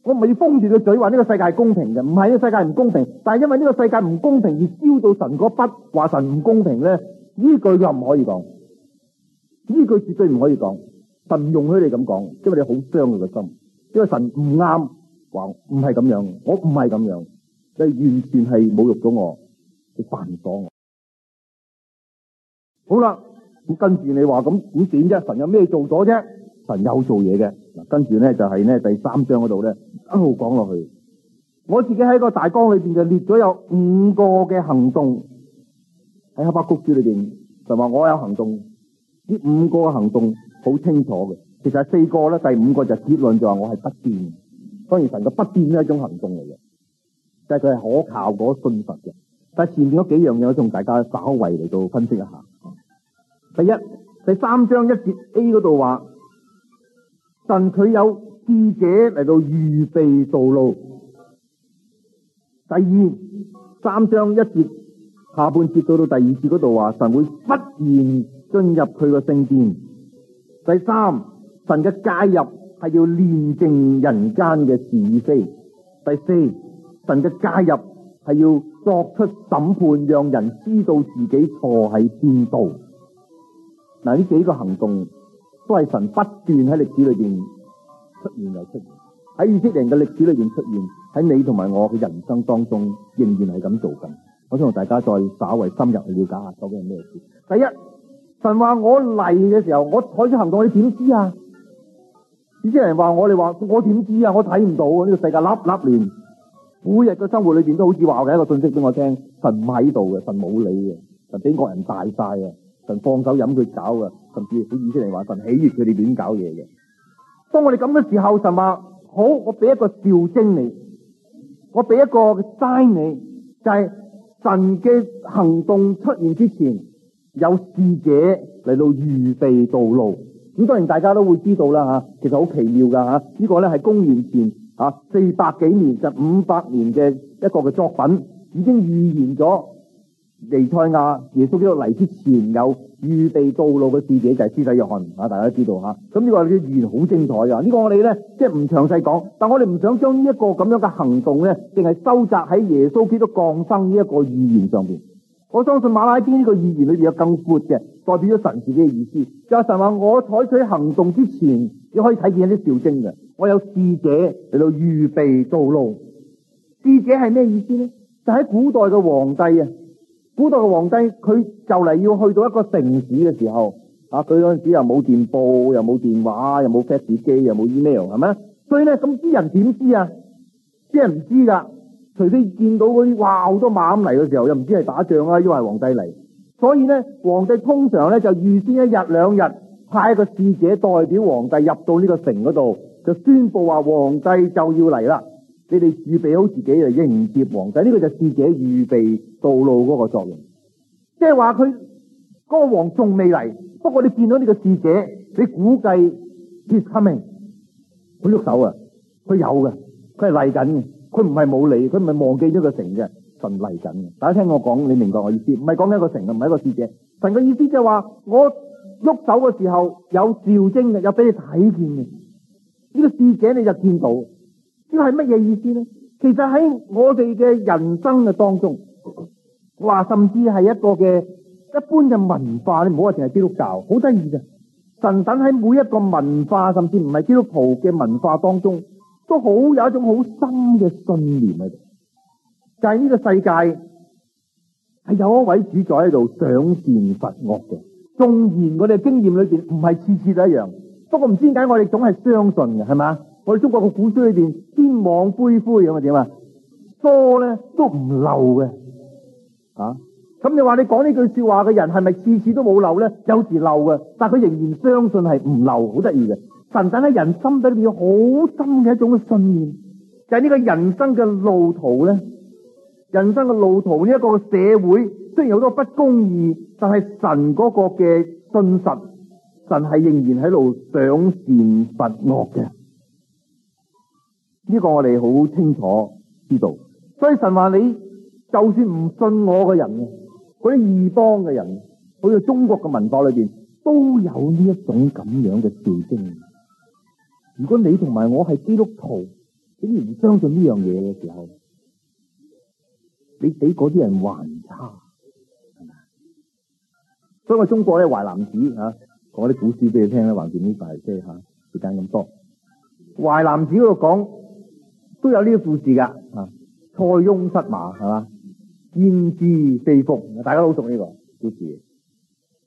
我唔係要封住個嘴話呢個世界公平嘅，唔係呢個世界唔公平，但係因為呢個世界唔公平而燒到神嗰筆，話神唔公平咧，呢句又唔可以講，呢句絕對唔可以講，神唔容許你咁講，因為你好傷佢個心，因為神唔啱，話唔係咁樣，我唔係咁樣，你完全係侮辱咗我。好煩咗我。好啦，咁跟住你話咁，咁點啫？神有咩做咗啫？神有做嘢嘅。嗱，跟住咧就係、是、呢第三章嗰度咧一路講落去。我自己喺個大綱裏邊就列咗有五個嘅行動喺瑪拉基書裏邊，就話我有行動。呢五個嘅行動好清楚嘅。其實四個咧，第五個就結論就話我係不變。當然，神嘅不變係一種行動嚟嘅，但係佢係可靠嗰信實嘅。但前面嗰幾樣嘢，我同大家稍微嚟到分析一下。第一，第三章一節 A 嗰度話，神佢有使者嚟到預備道路。第二，三章一節下半節到到第二節嗰度話，神會忽然進入佢個聖殿。第三，神嘅介入係要驗證人間嘅是非。第四，神嘅介入係要。作出審判，讓人知道自己錯喺邊度。嗱，呢幾個行動都係神不斷喺歷史裏邊出現又出現，喺以色列人嘅歷史裏邊出現，喺你同埋我嘅人生當中仍然係咁做緊。我想同大家再稍為深入去了解下究竟係咩事。第一，神話我嚟嘅時候，我採取行動，你點知啊？以色列人話我哋話我點知啊？我睇唔到啊！呢個世界粒粒亂。每日嘅生活裏邊都好似話嘅一個信息俾我聽，神唔喺度嘅，神冇理嘅，神俾惡人大晒啊，神放手飲佢搞噶，甚至好意思嚟話神喜悅佢哋亂搞嘢嘅。當我哋咁嘅時候，神話好，我俾一個兆徵你，我俾一個 sign 你，就係、是、神嘅行動出現之前，有使者嚟到預備道路。咁當然大家都會知道啦吓，其實好奇妙噶吓，呢、這個咧係公元前啊，四百幾年就是，五百年嘅一個嘅作品，已經預言咗尼賽亞耶穌基督嚟之前有預備道路嘅使者就係施洗約翰啊，大家都知道吓。咁，這，呢個嘅預言好精彩啊！呢，這個我哋咧即係唔詳細講，但我哋唔想將呢一個咁樣嘅行動咧，淨係收集喺耶穌基督降生呢一個預言上邊。我相信瑪拉基呢個預言裏邊有更闊嘅，代表咗神自己嘅意思。就是，神話我採取行動之前，你可以睇見一啲兆徵嘅。我有使者嚟到預備道路。使者係咩意思呢？就喺、是、古代嘅皇帝啊，古代嘅皇帝佢就嚟要去到一個城市嘅時候，啊，佢嗰陣時又冇電報，又冇電話，又冇 fax 機，又冇 email，係咪？所以咧，咁啲人點知啊？啲人唔知噶，除非見到嗰啲哇好多馬咁嚟嘅時候，又唔知係打仗啊，因為皇帝嚟。所以呢，皇帝通常咧就預先一日兩日派一個使者代表皇帝入到呢個城嗰度。就宣布話皇帝就要嚟啦，你哋預備好自己嚟迎接皇帝。呢、這個就使者預備道路嗰個作用，即係話佢嗰個王仲未嚟，不過你見到呢個使者，你估計 he coming，佢喐手啊，佢有嘅，佢係嚟緊嘅，佢唔係冇嚟，佢唔係忘記咗個城嘅，神嚟緊嘅。大家聽我講，你明白我意思？唔係講緊一個城，唔係一個使者。神嘅意思就係話，我喐手嘅時候有兆徵嘅，有俾你睇見嘅。呢個事件你就見到，呢個係乜嘢意思呢？其實喺我哋嘅人生嘅當中，話甚至係一個嘅一般嘅文化，你唔好話淨係基督教，好得意嘅。神等喺每一個文化，甚至唔係基督徒嘅文化當中，都好有一種好深嘅信念喺度，就係呢個世界係有一位主宰喺度賞善罰惡嘅。縱然我哋經驗裏邊唔係次次都一樣。不過唔知點解我哋總係相信嘅，係嘛？我哋中國個古書裏邊，天網恢恢咁啊，點啊？疏咧都唔漏嘅，啊？咁你話你講呢句說話嘅人係咪次次都冇漏咧？有時漏嘅，但佢仍然相信係唔漏，好得意嘅。神等喺人心底裏邊有好深嘅一種嘅信念，就係呢個人生嘅路途咧，人生嘅路途呢一個社會，雖然好多不公義，但係神嗰個嘅信實。神係仍然喺度賞善罰惡嘅，呢、這個我哋好清楚知道。所以神話你就算唔信我嘅人啊，嗰啲異邦嘅人，好似中國嘅文化裏邊都有呢一種咁樣嘅特徵。如果你同埋我係基督徒，竟然唔相信呢樣嘢嘅時候，你比嗰啲人還差，係咪？所以我中國咧，淮南子啊。講啲古書俾你聽啦，橫掂呢排即係吓時間咁多。淮南子嗰度講都有呢個故事噶吓，啊、塞翁失馬係嘛？焉知非福，大家都好熟呢個故事。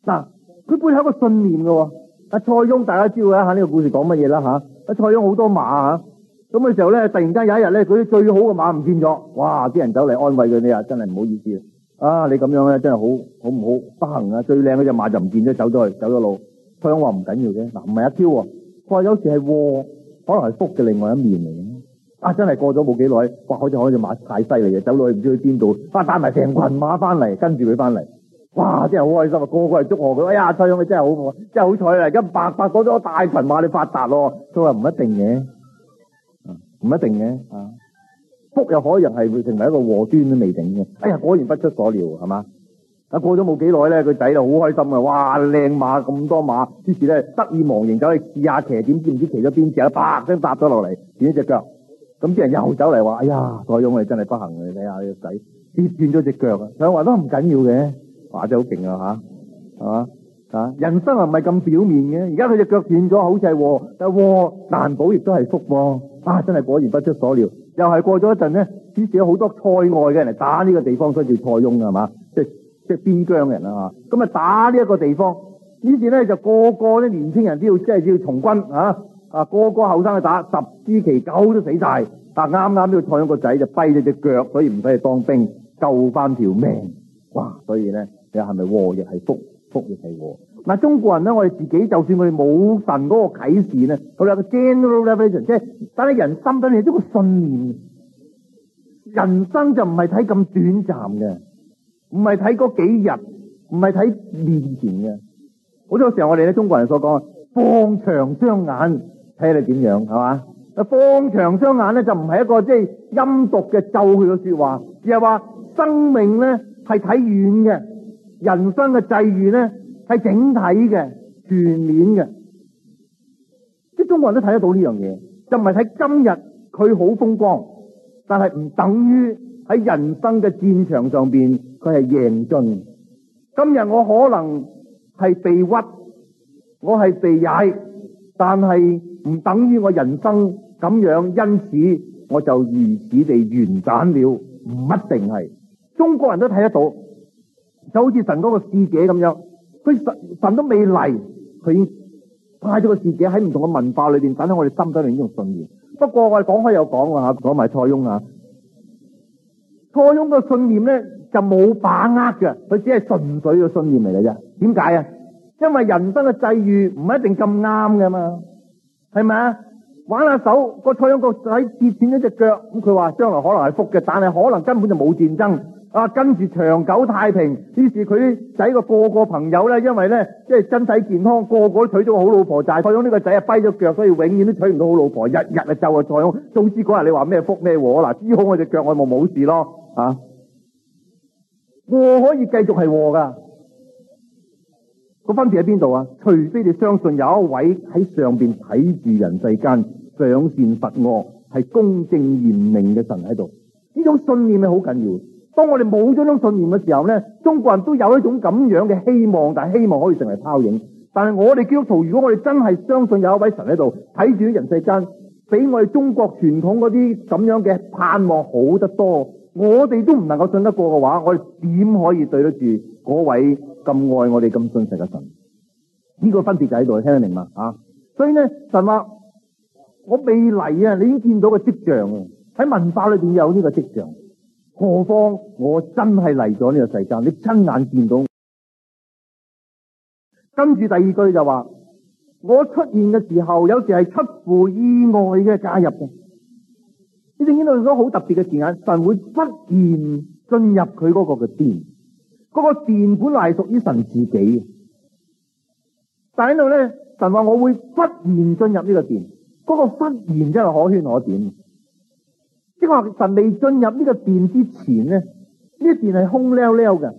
嗱、啊，佢背後一個信念噶，阿、啊、塞翁大家知嘅吓，呢、啊這個故事講乜嘢啦吓？阿、啊啊、塞翁好多馬吓，咁、啊、嘅時候咧，突然間有一日咧，佢啲最好嘅馬唔見咗，哇！啲人走嚟安慰佢，你啊，真係唔好意思啊！你咁樣咧，真係好，好唔好，不幸啊！最靚嗰隻馬就唔見咗，走咗去，走咗路。佢話唔緊要嘅，嗱唔係阿嬌喎，佢話有時係禍，可能係福嘅另外一面嚟嘅。啊，真係過咗冇幾耐，哇！好似好似馬太犀利嘅。走落去唔知去邊度，啊帶埋成群馬翻嚟，跟住佢翻嚟，哇！真係好開心啊，個個嚟祝賀佢。哎呀，蔡生你真係好，真係好彩啊！而家白發咗咗大群馬你發達咯。佢話唔一定嘅，唔、啊、唔一定嘅，啊福有可能係會成為一個禍端都未定嘅。哎呀，果然不出所料，係嘛？過咗冇幾耐咧，個仔就好開心啊！哇，靚馬咁多馬，於是咧，得意忘形走去試下騎，點知唔知騎咗邊隻啦？啪聲跌咗落嚟，斷咗隻腳。咁啲人又走嚟話：哎呀，塞翁你真係不幸，你睇下你個仔跌斷咗隻腳啊！佢話都唔緊要嘅，華仔好勁啊！吓，係嘛啊？人生啊唔係咁表面嘅，而家佢隻腳斷咗，好似係禍，但係難保亦都係福。啊，真係果然不出所料，又係過咗一陣咧，於是有好多塞外嘅人嚟打呢個地方，所以叫塞翁噶，係嘛？即係。即係邊疆人啊，咁啊打呢一個地方，於是咧就個個啲年青人都要，即係要從軍啊，啊個個後生去打，十之其九都死晒，啊啱啱都要坐咗個仔，就跛咗隻腳，所以唔使去當兵，救翻條命，哇！所以咧，你係咪禍亦係福，福亦係禍？嗱，中國人咧，我哋自己就算我哋冇神嗰個啟示咧，佢有個 general revelation，即係但係人心底，你都個信念，人生就唔係睇咁短暫嘅。唔係睇嗰幾日，唔係睇面前嘅。好多時候我哋咧中國人所講，放長雙眼睇你點樣，係嘛？啊，放長雙眼咧就唔係一個即係陰毒嘅咒佢嘅說話，而係話生命咧係睇遠嘅，人生嘅際遇呢係整體嘅、全面嘅。即係中國人都睇得到呢樣嘢，就唔係睇今日佢好風光，但係唔等於。喺人生嘅戰場上邊，佢係贏盡。今日我可能係被屈，我係被踩，但係唔等於我人生咁樣，因此我就如此地完蛋了。唔一定係，中國人都睇得到，就好似神嗰個使者咁樣，佢神神都未嚟，佢派咗個使者喺唔同嘅文化裏邊，等喺我哋心底裏呢種信念。不過我哋講開又講啊，講埋蔡翁。啊。蔡翁個信念咧，就冇把握嘅，佢只係純粹個信念嚟嘅啫。點解啊？因為人生嘅際遇唔一定咁啱嘅嘛，係咪啊？玩下手個蔡翁個仔跌斷咗隻腳，咁佢話將來可能係福嘅，但係可能根本就冇戰爭。啊，跟住長久太平，於是佢啲仔個個個朋友咧，因為咧即係身體健康，個個都娶咗個好老婆。就咋蔡咗呢個仔啊跛咗腳，所以永遠都娶唔到好老婆，日日啊咒阿蔡邕。總之嗰日你話咩福咩禍嗱，只好我隻腳我咪冇事咯啊！禍可以繼續係禍噶，個分別喺邊度啊？除非你相信有一位喺上邊睇住人世間，賞善罰惡係公正嚴明嘅神喺度，呢種信念係好緊要。當我哋冇咗種信念嘅時候咧，中國人都有一種咁樣嘅希望，但係希望可以成為泡影。但係我哋基督徒，如果我哋真係相信有一位神喺度睇住人世間，比我哋中國傳統嗰啲咁樣嘅盼望好得多，我哋都唔能夠信得過嘅話，我哋點可以對得住嗰位咁愛我哋、咁信實嘅神？呢個分別就喺度，你聽得明白。啊！所以呢，神話我未嚟，啊，你已經見到個跡象啊，喺文化裏邊有呢個跡象。何況我真係嚟咗呢個世界，你親眼見到。跟住第二句就話，我出現嘅時候有時係出乎意外嘅加入嘅。你見到喺度咗好特別嘅字眼，神會忽然進入佢嗰個嘅殿，嗰個殿本嚟屬於神自己嘅。但喺度咧，神話我會忽然進入呢個殿，嗰個忽然真係可圈可點。因為神未進入呢個殿之前咧，呢、這個殿係空唥唥嘅，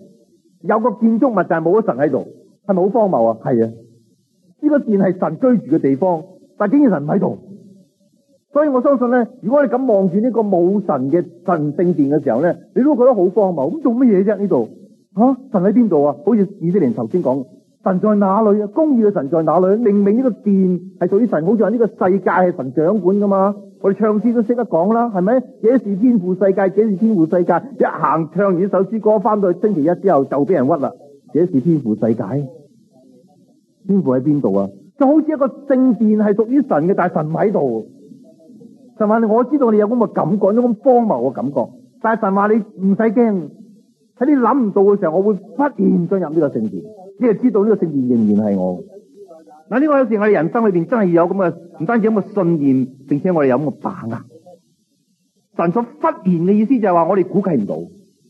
有個建築物，但係冇咗神喺度，係咪好荒謬啊？係啊，呢、這個殿係神居住嘅地方，但竟然神唔喺度，所以我相信咧，如果你咁望住呢個冇神嘅神聖殿嘅時候咧，你都會覺得好荒謬。咁做乜嘢啫？呢度吓，神喺邊度啊？好似以色列頭先講，神在哪裏啊？公義嘅神在哪裏？明明呢個殿係屬於神，好似話呢個世界係神掌管噶嘛？我哋唱詩都識得講啦，係咪？這是天父世界，這是天父世、世界。一行唱完首詩歌，翻到去星期一之後就俾人屈啦。這是天父世界，天父喺邊度啊？就好似一個聖殿係屬於神嘅，大神唔喺度。神話，我知道你有咁嘅感覺，有咁荒謬嘅感覺。但係神話你唔使驚，喺你諗唔到嘅時候，我會忽然進入呢個聖殿，你就知道呢個聖殿仍然係我。嗱，呢個有時我哋人生裏邊真係有咁嘅，唔單止有咁嘅信念，並且我哋有咁嘅把握。神所忽然嘅意思就係話，我哋估計唔到，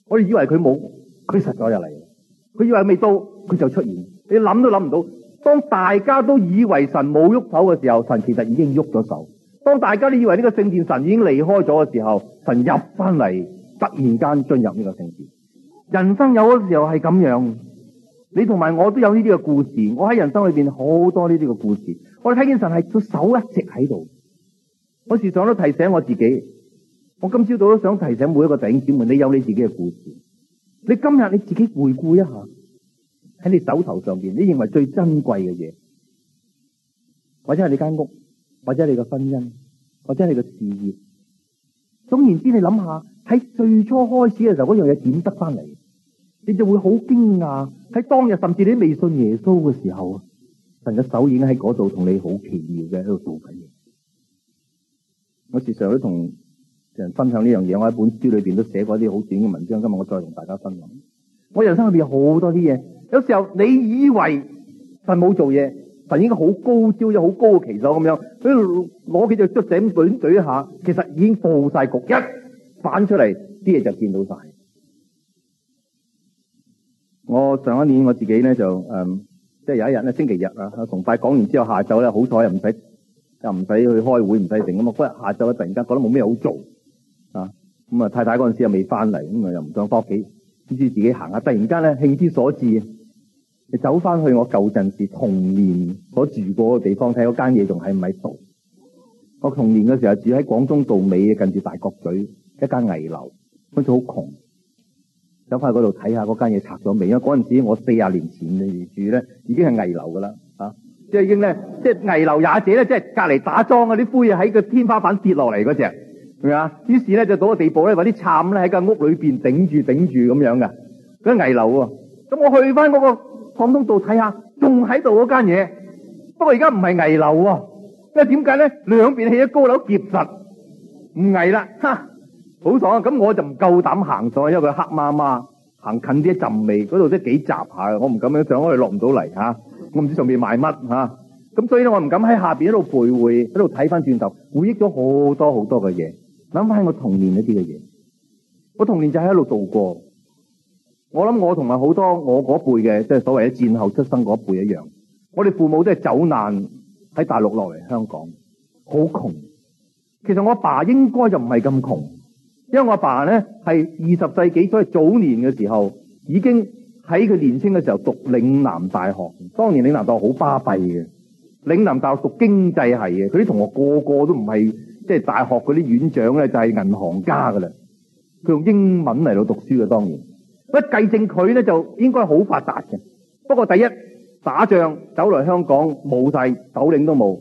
我哋以為佢冇，佢實咗入嚟。佢以為未到，佢就出現，你諗都諗唔到。當大家都以為神冇喐手嘅時候，神其實已經喐咗手。當大家都以為呢個聖殿神已經離開咗嘅時候，神入翻嚟，突然間進入呢個聖殿。人生有嗰時候係咁樣。你同埋我都有呢啲嘅故事，我喺人生裏邊好多呢啲嘅故事。我哋睇見神係隻手一直喺度，我時常都提醒我自己。我今朝早都想提醒每一個弟兄姊妹，你有你自己嘅故事。你今日你自己回顧一下，喺你手頭上邊，你認為最珍貴嘅嘢，或者係你間屋，或者係你嘅婚姻，或者係你嘅事業。總言之你想想，你諗下喺最初開始嘅時候，嗰樣嘢點得翻嚟？你就會好驚訝喺當日，甚至你未信耶穌嘅時候，神嘅手已經喺嗰度同你好奇妙嘅喺度做緊嘢。我時常都同人分享呢樣嘢，我喺本書裏邊都寫過一啲好短嘅文章。今日我再同大家分享。我人生入邊好多啲嘢，有時候你以為神冇做嘢，神已經好高招、有好高嘅棋手咁樣，佢攞幾隻竹仔咁亂懟下，其實已經布曬局，一反出嚟啲嘢就見到晒。我上一年我自己咧就誒、嗯，即係有一日咧星期日啊，同快講完之後，下晝咧好彩又唔使又唔使去開會，唔使剩咁啊。嗰日下晝突然間覺得冇咩好做啊，咁啊太太嗰陣時又未翻嚟，咁啊又唔想翻屋企，先知自己行下。突然間咧興之所至，走翻去我舊陣時童年所住過嘅地方，睇嗰間嘢仲喺唔喺度？我童年嘅時候住喺廣東道尾，近住大角咀一間危樓，嗰陣好窮。走翻嗰度睇下嗰間嘢拆咗未？因為嗰陣時我四十年前嚟住咧，已經係危樓噶啦，吓，即係已經咧，即係危樓也者咧，即係隔籬打樁嗰啲灰啊，喺個天花板跌落嚟嗰隻，明嘛？於是咧就到個地步咧，揾啲杉咧喺間屋裏邊頂住頂住咁樣噶，嗰啲危樓啊！咁我去翻嗰個廣東道睇下，仲喺度嗰間嘢，不過而家唔係危樓喎，即係點解咧？兩邊起咗高樓夾實，唔危啦，吓。好爽啊！咁我就唔夠膽行上去，因為佢黑麻麻，行近啲一陣味，嗰度都幾雜下，我唔敢咁上去，落唔到嚟吓，我唔、啊、知上面賣乜吓，咁、啊、所以咧我唔敢喺下邊一度徘徊，喺度睇翻轉頭，回憶咗好多好多嘅嘢，諗翻我童年嗰啲嘅嘢，我童年就喺度度過，我諗我同埋好多我嗰輩嘅，即係所謂啲戰後出生嗰一輩一樣，我哋父母都係走難喺大陸落嚟香港，好窮，其實我阿爸應該就唔係咁窮。因為我阿爸咧係二十世紀，所以早年嘅時候已經喺佢年輕嘅時候讀嶺南大學。當年嶺南大學好巴閉嘅，嶺南大學讀經濟系嘅，佢啲同學個個，個都唔係即係大學嗰啲院長咧，就係銀行家噶啦。佢用英文嚟到讀書嘅，當然乜計證佢咧就應該好發達嘅。不過第一打仗走嚟香港，冇晒首領都冇。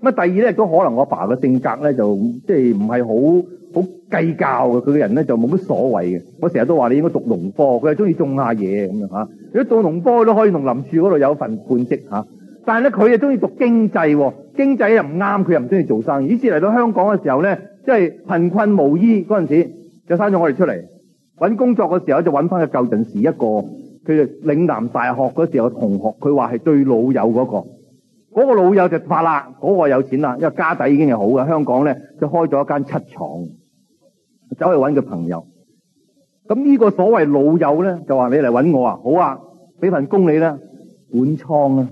乜第二咧都可能我阿爸嘅性格咧就即係唔係好。好計較嘅佢嘅人咧就冇乜所謂嘅，我成日都話你應該讀農科，佢又中意種下嘢咁樣嚇、啊。如果讀農科，都可以同林署嗰度有份半職嚇。但係咧佢又中意讀經濟，啊、經濟又唔啱，佢又唔中意做生意。以是嚟到香港嘅時候咧，即、就、係、是、貧困無依嗰陣時，就生咗我哋出嚟，揾工作嘅時候就揾翻佢舊陣時就一個佢嘅嶺南大學嗰時候嘅同學，佢話係最老友嗰、那個，嗰、那個老友就發啦，嗰、那個有錢啦，因為家底已經係好嘅，香港咧就開咗一間七廠。走去搵個朋友，咁、這、呢個所謂老友咧就話你嚟搵我啊，好啊，俾份工你啦，管倉啊，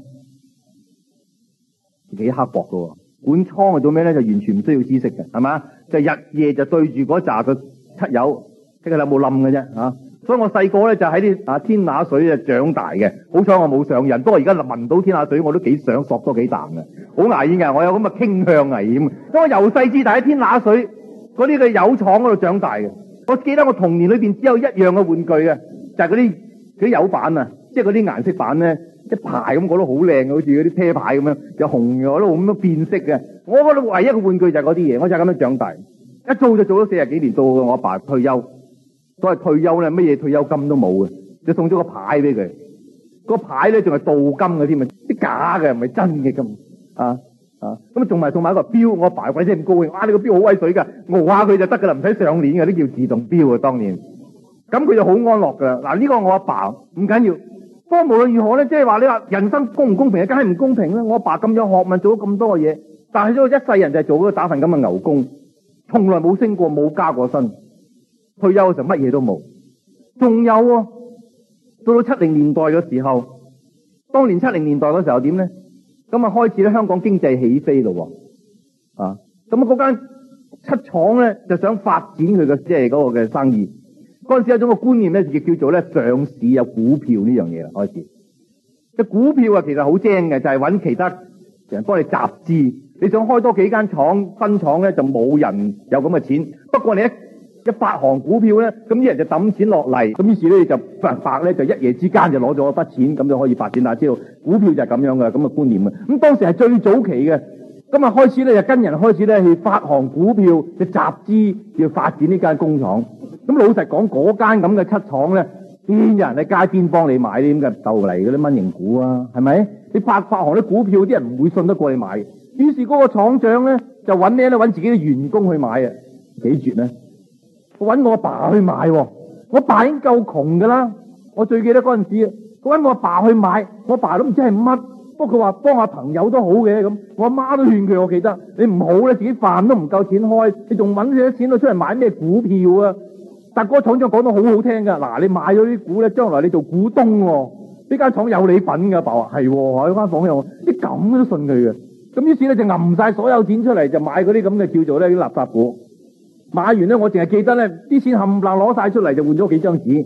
幾刻薄噶，管倉係做咩咧就完全唔需要知識嘅，係嘛，就日夜就對住嗰紮佢七友，即係有冇冧嘅啫吓，所以我細個咧就喺啲啊天拿水啊長大嘅，好彩我冇上癮，不過而家聞到天拿水我都幾想索,索多幾啖嘅，好危險嘅，我有咁嘅傾向危險，因為我由細至大喺天拿水。嗰啲嘅油廠嗰度長大嘅，我記得我童年裏邊只有一樣嘅玩具嘅，就係嗰啲嗰啲油板啊，即係嗰啲顏色板咧，一排咁覺得好靚嘅，好似嗰啲車牌咁樣，有紅咗咯，咁都變色嘅。我覺得唯一嘅玩具就係嗰啲嘢，我就係咁樣長大。一做就做咗四十幾年到我阿爸、爸退休，所謂退休咧，乜嘢退休金都冇嘅，就送咗個牌俾佢。那個牌咧仲係鍍金嘅添啊，啲假嘅唔係真嘅咁啊。啊！咁啊，送埋送埋一個表，我阿爸鬼死唔高興，哇！呢、這個表好威水噶，握下佢就得噶啦，唔使上鏈嘅，都叫自動表啊。當年咁佢就好安樂噶啦。嗱、啊、呢、這個我阿爸唔緊要，不過無論如何咧，即係話你話人生公唔公平，梗係唔公平啦。我阿爸咁有學問，做咗咁多嘅嘢，但係做咗一世人就係做嗰個打份咁嘅牛工，從來冇升過，冇加過薪，退休嘅時候乜嘢都冇。仲有啊，到到七零年代嘅時候，當年七零年代嘅時候點咧？咁啊，開始咧，香港經濟起飛咯，啊！咁啊，嗰間七廠咧就想發展佢嘅即係嗰個嘅生意。嗰陣時一種嘅觀念咧，就叫做咧上市有股票呢樣嘢啦。開始，即股票啊，其實好精嘅，就係揾其他人幫你集資。你想開多幾間廠分廠咧，就冇人有咁嘅錢。不過你一一發行股票咧，咁啲人就抌錢落嚟，咁於是咧就白白咧就一夜之間就攞咗一筆錢，咁就可以發展喇。知道股票就係咁樣嘅咁嘅觀念嘅。咁當時係最早期嘅咁啊，開始咧就跟人開始咧去發行股票，去集資，要發展呢間工廠。咁老實講，嗰間咁嘅七廠咧，邊、嗯、有人喺街邊幫你買啲咁嘅就嚟嗰啲蚊型股啊？係咪？你發發行啲股票，啲人唔會信得過你買嘅。於是嗰個廠長咧就揾咩咧揾自己嘅員工去買啊，幾絕咧！我揾我爸去買，我爸已經夠窮噶啦。我最記得嗰陣時，佢揾我阿爸去買，我爸都唔知係乜。不過佢話幫下朋友都好嘅咁，我阿媽都勸佢，我記得你唔好咧，自己飯都唔夠錢開，你仲揾佢啲錢都出嚟買咩股票啊？但嗰個廠長講得好好聽噶，嗱你買咗啲股咧，將來你做股東喎，呢間廠有你份噶。爸話係喎，喺間廠又，啲咁都信佢嘅。咁於是咧就揞晒所有錢出嚟，就買嗰啲咁嘅叫做咧啲垃圾股。買完咧，我淨係記得咧，啲錢冚唪唥攞晒出嚟，就換咗幾張紙。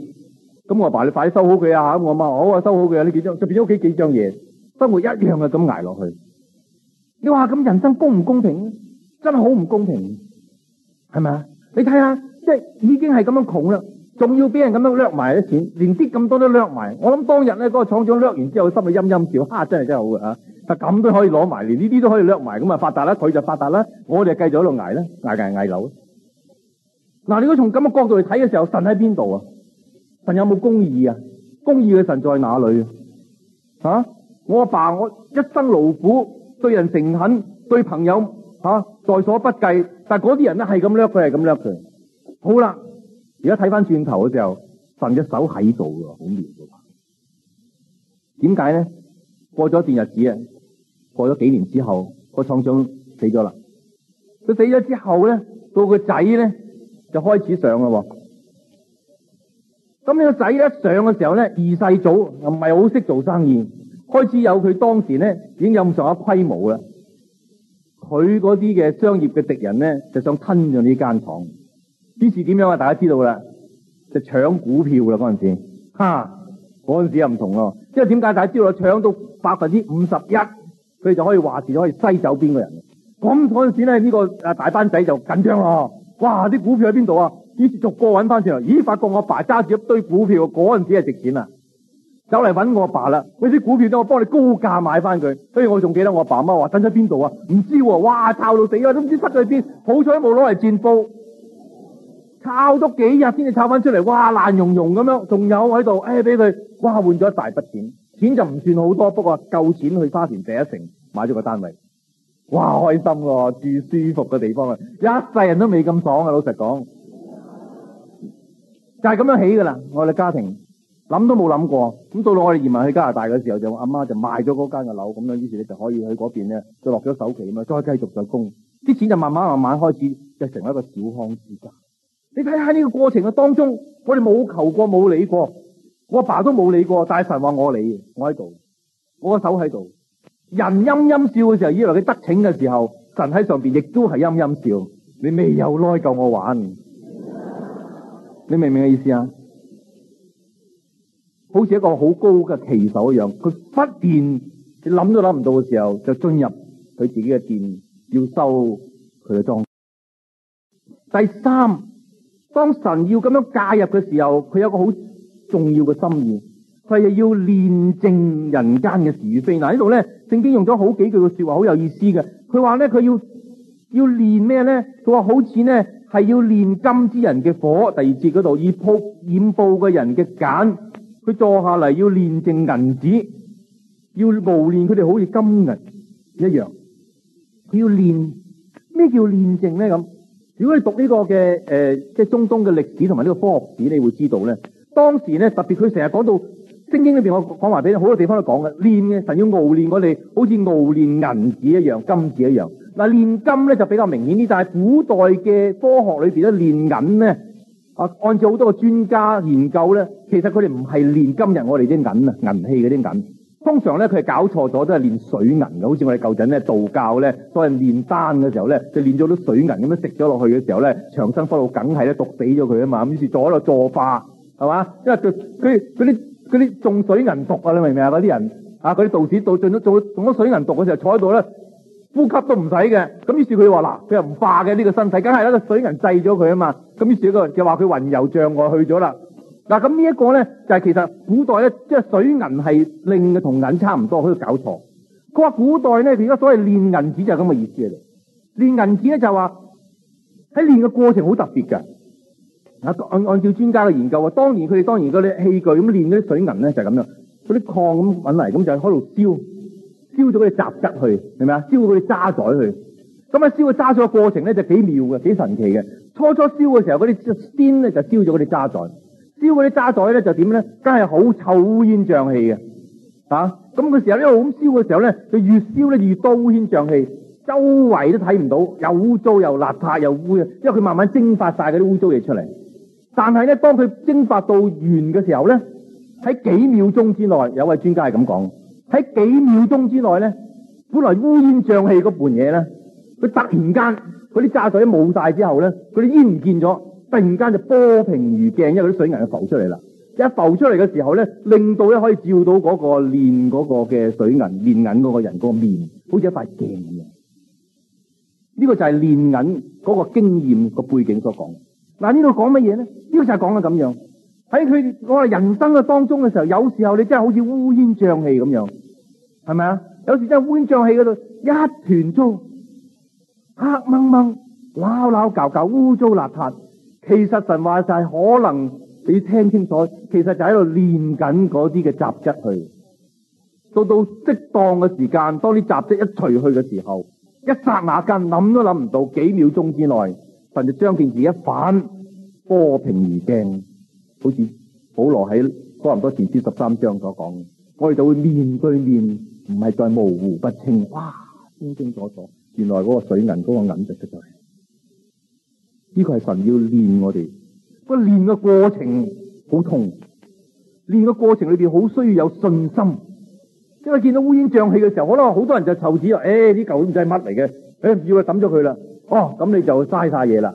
咁我話，爸，你快啲收好佢啊吓！我話媽，好啊，收好佢啊！呢幾張就變咗屋企幾張嘢，生活一樣嘅咁挨落去。你話咁人生公唔公平？真係好唔公平，係咪啊？你睇下，即係已經係咁樣窮啦，仲要俾人咁樣掠埋啲錢，連啲咁多都掠埋。我諗當日咧，嗰個廠長掠完之後，心裡陰陰笑，哈，真係真係好嘅吓。就咁都可以攞埋，連呢啲都可以掠埋，咁啊發達啦，佢就發達啦，我哋繼續喺度挨啦，挨硬挨老。嗱，如果從咁嘅角度去睇嘅時候，神喺邊度啊？神有冇公義啊？公義嘅神在哪裏啊？吓，我阿爸，爸我一生勞苦，對人誠懇，對朋友吓、啊、在所不計，但係嗰啲人咧係咁掠佢，係咁掠佢。好啦，而家睇翻轉頭嘅時候，神隻手喺度好妙嘅，點解呢？過咗段日子啊，過咗幾年之後，個廠長死咗啦。佢死咗之後咧，到個仔咧。就開始上咯喎，咁呢個仔咧上嘅時候咧，二世祖又唔係好識做生意，開始有佢當時呢已經有咁上下規模啦。佢嗰啲嘅商業嘅敵人呢，就想吞咗呢間廠。於是點樣啊？大家知道啦，就搶股票啦嗰陣時。嚇！嗰時又唔同咯，即係點解大家知道搶到百分之五十一，佢就可以話事，可以篩走邊個人？咁嗰陣時咧，呢、呢個啊大班仔就緊張咯。哇！啲股票喺邊度啊？於是逐個搵翻出嚟，咦？發覺我爸揸住一堆股票，嗰陣時係值錢啊！走嚟搵我爸啦，嗰啲股票咧，我幫你高價買翻佢。所以我仲記得我爸媽話：搵咗邊度啊？唔知喎、啊。哇！抄到死啊，都唔知塞咗去邊。好彩冇攞嚟占煲，抄咗幾日先至抄翻出嚟。哇！爛茸茸咁樣，仲有喺度，誒、哎，俾佢。哇！換咗一大筆錢，錢就唔算好多，不過夠錢去沙田第一城買咗個單位。哇！開心咯、啊，住舒服嘅地方啊，一世人都未咁爽啊！老實講， [noise] 就係咁樣起噶啦。我哋家庭諗都冇諗過，咁到到我哋移民去加拿大嘅時候，就阿媽，媽就賣咗嗰間嘅樓，咁樣於是咧就可以去嗰邊咧，就落咗首期咁樣，再繼續再供。啲錢就慢慢慢慢開始就成為一個小康之家。你睇下呢個過程嘅當中，我哋冇求過，冇理過，我阿爸都冇理過，但係神話我理，我喺度，我個手喺度。人陰陰笑嘅時候，以為佢得逞嘅時候，神喺上邊亦都係陰陰笑。你未有耐夠我玩，你明唔明嘅意思啊？好似一個好高嘅棋手一樣，佢忽然你諗都諗唔到嘅時候，就進入佢自己嘅殿，要收佢嘅莊。第三，當神要咁樣介入嘅時候，佢有個好重要嘅心意，佢係要練正人間嘅是與非。嗱，呢度咧。聖經用咗好幾句嘅說話，好有意思嘅。佢話咧，佢要要練咩咧？佢話好似呢，係要練金之人嘅火，第二節嗰度以撲染布嘅人嘅鹼，佢坐下嚟要練淨銀子，要磨練佢哋好似金銀一樣。佢要練咩叫練淨咧？咁如果你讀呢個嘅誒，即、呃、係中東嘅歷史同埋呢個科學史，你會知道咧。當時咧，特別佢成日講到。《聖經》裏邊，我講埋俾你好多地方都講嘅煉嘅神要熬煉我哋，好似熬煉銀子一樣，金子一樣嗱。煉金咧就比較明顯啲，但係古代嘅科學裏邊咧煉銀咧啊，按照好多個專家研究咧，其實佢哋唔係煉今日我哋啲銀啊，銀器嗰啲銀，通常咧佢係搞錯咗，都係煉水銀嘅。好似我哋舊陣咧道教咧在係煉丹嘅時候咧，就煉咗啲水銀咁樣食咗落去嘅時候咧，長生不老，梗係咧毒死咗佢啊嘛。咁於是坐喺度坐化係嘛，因為佢佢啲。嗰啲中水銀毒啊！你明唔明啊？嗰啲人啊，嗰啲道士到進咗做咗水銀毒嘅時候，坐喺度咧，呼吸都唔使嘅。咁於是佢話嗱，佢又唔化嘅呢、呢個身體，梗係啦，水銀製咗佢啊嘛。咁於是呢就話佢雲遊障礙去咗啦。嗱、啊、咁呢一個咧，就係、是、其實古代咧，即係水銀係令嘅同銀差唔多，喺度搞錯。佢話古代咧，佢而家所謂煉銀子就係咁嘅意思嚟。啫。煉銀子咧就係話喺煉嘅過程好特別嘅。啊，按按照專家嘅研究啊，當然佢哋當然嗰啲器具咁煉嗰啲水銀咧就係咁樣，嗰啲礦咁揾嚟，咁就喺開度燒，燒咗嗰啲雜質去，明唔明啊？燒嗰啲渣滓去。咁啊燒嘅渣滓嘅過程咧就幾妙嘅，幾神奇嘅。初初燒嘅時候嗰啲煙咧就燒咗嗰啲渣滓，燒嗰啲渣滓咧就點咧，梗係好臭烏煙瘴氣嘅。啊，咁嘅時候呢，因為咁燒嘅時候咧，佢越燒咧越多烏煙瘴氣，周圍都睇唔到，又污糟又邋遢又污，因為佢慢慢蒸發晒嗰啲污糟嘢出嚟。但係咧，當佢蒸發到完嘅時候咧，喺幾秒鐘之內，有位專家係咁講：喺幾秒鐘之內咧，本來烏煙瘴氣嗰盤嘢咧，佢突然間嗰啲渣水冇晒之後咧，佢啲煙唔見咗，突然間就波平如鏡，因為嗰啲水銀就浮出嚟啦。一浮出嚟嘅時候咧，令到你可以照到嗰個練嗰個嘅水銀練銀嗰個人嗰個面，好似一塊鏡咁樣。呢、這個就係練銀嗰個經驗個背景所講。嗱，呢度講乜嘢呢？呢個就係講啦，咁樣喺佢我哋人生嘅當中嘅時候，有時候你真係好似烏煙瘴氣咁樣，係咪啊？有時真係烏煙瘴氣嗰度一團糟，黑掹掹、撈撈舊舊、污糟邋遢。其實神話就係，可能你聽清楚，其實就喺度練緊嗰啲嘅雜質去。到到適當嘅時間，當啲雜質一除去嘅時候，一剎那間諗都諗唔到，幾秒鐘之內。神就將件事一反，波平如鏡，好似保羅喺哥林多前書十三章所講，我哋就會面對面，唔係再模糊不清，哇，清清楚楚，原來嗰個水銀嗰，那個銀質嘅就係，呢、這個係神要練我哋，個練嘅過程好痛，練嘅過程裏邊好需要有信心，因為見到烏煙瘴氣嘅時候，可能好多人就臭子，誒、哎，呢嚿唔知乜嚟嘅，誒、哎，唔要佢抌咗佢啦。哦，咁你就嘥晒嘢啦！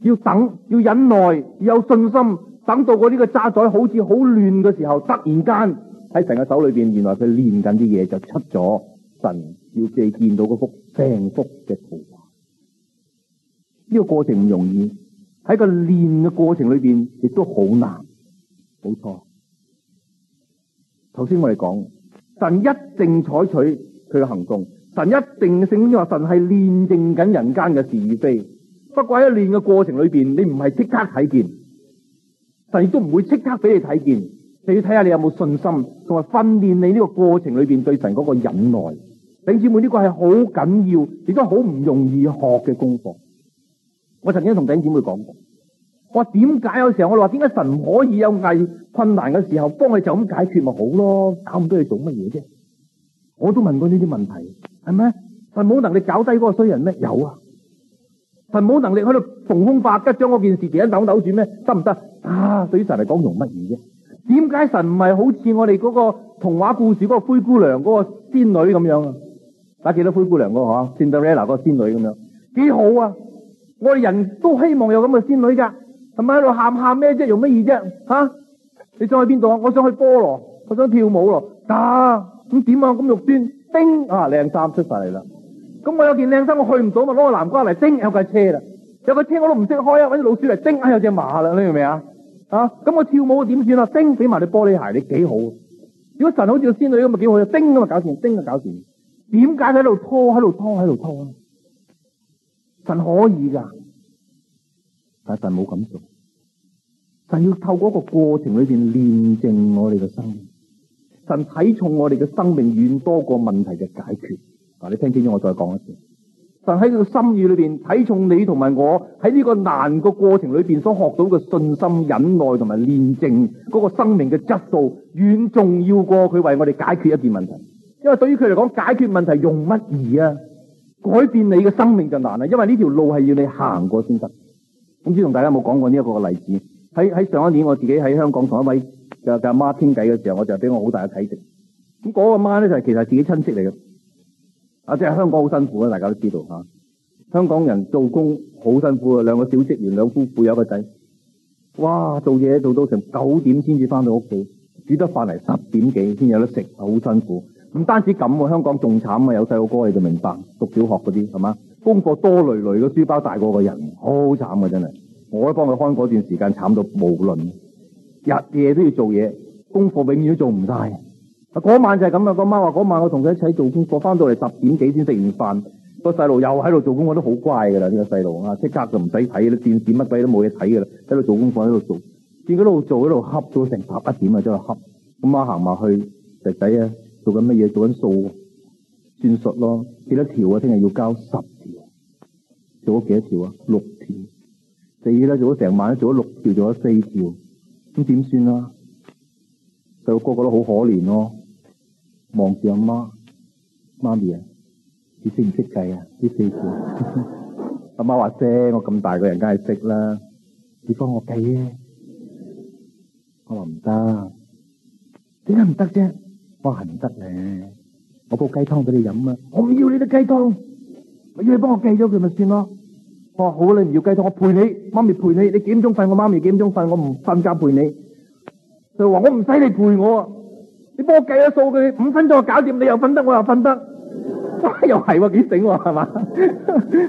要等，要忍耐，要有信心，等到我呢個渣仔好似好亂嘅時候，突然間喺神嘅手裏邊，原來佢練緊啲嘢就出咗。神要借見到嗰幅成幅嘅圖畫。呢個過程唔容易，喺個練嘅過程裏邊亦都好難，冇錯。頭先我哋講，神一定採取佢嘅行動。神一定，聖經話，神係煉定緊人間嘅是非，不過喺煉嘅過程裏邊，你唔係即刻睇見，神亦都唔會即刻俾你睇見，你要睇下你有冇信心，同埋訓練你呢個過程裏邊對神嗰個忍耐。弟兄姊妹，呢個係好緊要，亦都好唔容易學嘅功課。我曾經同弟兄姊妹講過，我話點解有時候我話點解神可以有危困難嘅時候，幫佢就咁解決咪好咯？搞唔到佢做乜嘢啫？我都問過呢啲問題。係咩？神冇能力搞低嗰個衰人咩？有啊！神冇能力喺度逢凶化吉，將嗰件事點一扭扭住咩？得唔得？啊！對於神嚟講，容乜易啫？點解神唔係好似我哋嗰個童話故事嗰個灰姑娘嗰個仙女咁樣啊？大家記得灰姑娘，啊，個嗬 Cinderella 個仙女咁樣，幾好啊！我哋人都希望有咁嘅仙女噶，係咪喺度喊喊咩啫？容乜易啫？吓，啊！你想去邊度啊？我想去菠蘿，我想跳舞咯。嗱，咁點啊？咁肉酸。丁啊，靚衫出晒嚟啦！咁我有件靚衫，我去唔到嘛，攞個南瓜嚟蒸，有架車啦，有架車我都唔識開啊，搵啲老鼠嚟蒸，有隻馬啦，你明未啊？啊，咁我跳舞點算啊？蒸俾埋你玻璃鞋，你幾好？如果神好似個仙女咁，咪幾好啊？蒸咁啊搞掂，蒸啊搞掂，點解喺度拖喺度拖喺度拖咧？神可以噶，但係神冇咁做，神要透過一個過程裏邊練淨我哋嘅生活。神睇重我哋嘅生命遠多過問題嘅解決，嗱，你聽清楚我再講一次。神喺佢嘅心意裏邊睇重你同埋我喺呢個難過過程裏邊所學到嘅信心忍耐、同埋煉淨嗰個生命嘅質素，遠重要過佢為我哋解決一件問題。因為對於佢嚟講，解決問題用乜嘢啊，改變你嘅生命就難啦。因為呢條路係要你行過先得。唔知同大家有冇講過呢一個嘅例子？喺喺上一年我自己喺香港同一位。就同阿媽傾偈嘅時候，我就俾我好大嘅體積。咁、那、嗰個媽咧就係其實自己親戚嚟嘅。啊，即係香港好辛苦啊，大家都知道嚇、啊。香港人做工好辛苦啊，兩個小職員兩夫婦有一個仔，哇！做嘢做到成九點先至翻到屋企，煮得飯嚟十點幾先有得食，好辛苦。唔單止咁啊，香港仲慘啊！有細佬哥你就明白，讀小學嗰啲係嘛？功課多累累，個書包大過個人，好慘啊，真係。我幫佢看嗰段時間慘，慘到無倫。日夜都要做嘢，功課永遠都做唔晒。啊，嗰晚就係咁啊！個媽話：嗰晚我同佢一齊做功課，翻到嚟十點幾先食完飯。個細路又喺度做功課，都好乖噶啦！呢個細路啊，即刻就唔使睇啦，電視乜鬼都冇嘢睇噶啦，喺度做功課喺度做，見佢喺度做喺度恰到成十一點啊，真度恰。咁媽行埋去，仔仔啊，做緊乜嘢？做緊數算術咯，幾多條啊？聽日要交十條，做咗幾多條啊？六條，第二啦，做咗成晚做咗六條，做咗四條。咁點算啊？細佬哥覺得好可憐咯，哦，望住阿媽，媽，媽咪啊，你識唔識計啊？呢四條，阿 [laughs] 媽話姐，我咁大個人梗係識啦。你幫我計啊？我話唔得。點解唔得啫？我話係唔得咧。我煲雞湯俾你飲啊！我唔要你啲雞湯，我要你幫我計咗佢咪算咯。好，你唔要計到，我陪你，媽咪陪你，你幾點鐘瞓？我媽咪幾點鐘瞓？我唔瞓覺陪你。佢話我唔使你陪我，你幫我計咗數佢，五分鐘搞掂，你又瞓得我又瞓得。又係幾醒係嘛？ [laughs] 又是,挺聰明,是吧?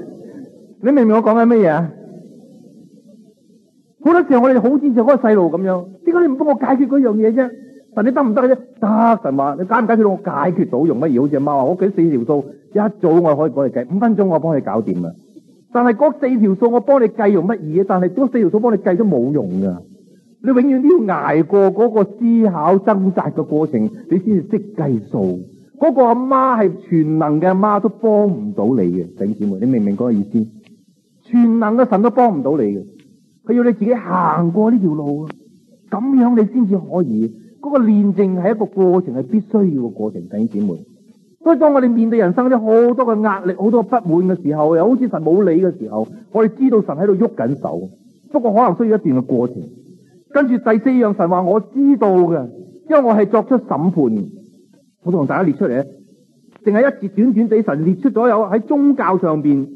[laughs] 你明唔明我講緊乜嘢啊？好多時候我哋好似就嗰個細路咁樣，點解你唔幫我解決嗰樣嘢啫？神你得唔得啫？得。神話，你解唔解決到？我解決到，用乜嘢？好似阿媽話，我計四條數，一早我可以幫你計，五分鐘我幫佢搞掂啦。但係嗰四條數我幫你計，用乜嘢？但係嗰四條數幫你計都冇用噶，你永遠都要挨過嗰個思考掙扎嘅過程，你先至識計數。嗰個阿媽係全能嘅阿媽都幫唔到你嘅，弟兄姊妹，你明唔明嗰個意思？全能嘅神都幫唔到你嘅，佢要你自己行過呢條路，啊。咁樣你先至可以。嗰個煉淨係一個過程，係必須要嘅過程，弟兄姊妹。所以當我哋面對人生啲好多嘅壓力、好多不滿嘅時候，又好似神冇理嘅時候，我哋知道神喺度喐緊手，不過可能需要一段嘅過程。跟住第四樣，神話我知道嘅，因為我係作出審判。我同大家列出嚟咧，淨係一截短短地，神列出咗有喺宗教上邊，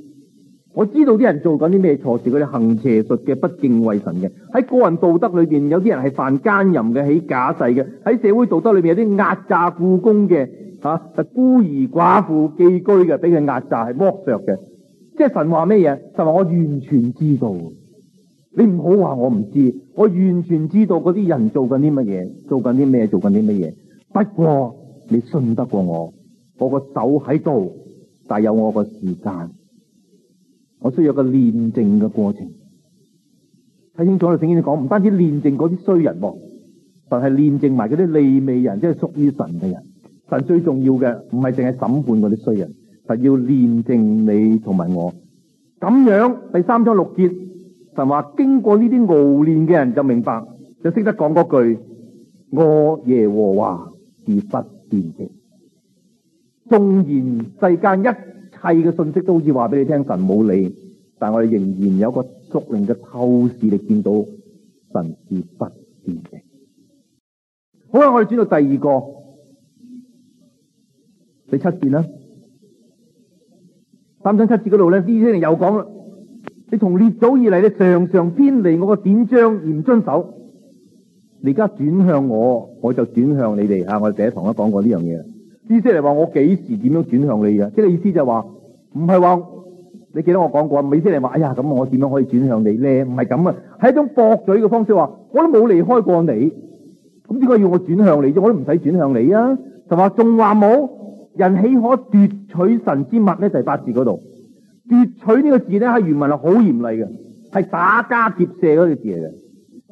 我知道啲人做緊啲咩錯事，佢哋行邪術嘅、不敬畏神嘅；喺個人道德裏邊，有啲人係犯姦淫嘅、起假誓嘅；喺社會道德裏邊，有啲壓榨雇工嘅。吓，係、啊、孤兒寡婦寄居嘅，俾佢壓榨，係剝削嘅。即係神話咩嘢？就話我完全知道，你唔好話我唔知，我完全知道嗰啲人做緊啲乜嘢，做緊啲咩，做緊啲乜嘢。不過你信得過我，我個手喺度，但有我個時間，我需要個煉淨嘅過程。睇清楚啦，聖經講唔單止煉淨嗰啲衰人，但係煉淨埋嗰啲利未人，即係屬於神嘅人。神最重要嘅唔係淨係審判嗰啲衰人，神要煉淨你同埋我。咁樣第三章六節，神話經過呢啲熬練嘅人就明白，就識得講嗰句：我耶和華是不變的。縱然世間一切嘅信息都好似話俾你聽，神冇理，但我哋仍然有個屬靈嘅透視力，見到神是不變嘅。好啦，我哋轉到第二個。你七節啦，三章七節嗰度咧，伊耶利又講啦。你從列祖以嚟，你常常偏離我個典章而唔遵守。你而家轉向我，我就轉向你哋吓。我哋第一堂都講過呢樣嘢。伊耶利話：我幾時點樣轉向你啊？即係意思就係話，唔係話你記得我講過。美西嚟話：哎呀，咁我點樣可以轉向你咧？唔係咁啊，係一種駁嘴嘅方式，話我都冇離開過你。咁點解要我轉向你啫？我都唔使轉向你啊。就話仲話冇。人豈可奪取神之物呢？就係、是、八字嗰度，奪取呢個字呢，喺原文係好嚴厲嘅，係打家劫舍嗰個字嚟嘅。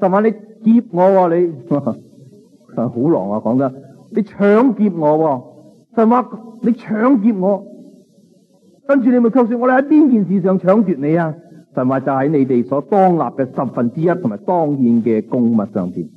神話你劫我喎、啊，你好 [laughs] 狼啊！講真，你搶劫我喎、啊，神話你搶劫我，跟住，你咪扣算我哋喺邊件事上搶奪你啊？神話就喺你哋所當立嘅十分之一，同埋當獻嘅供物上面。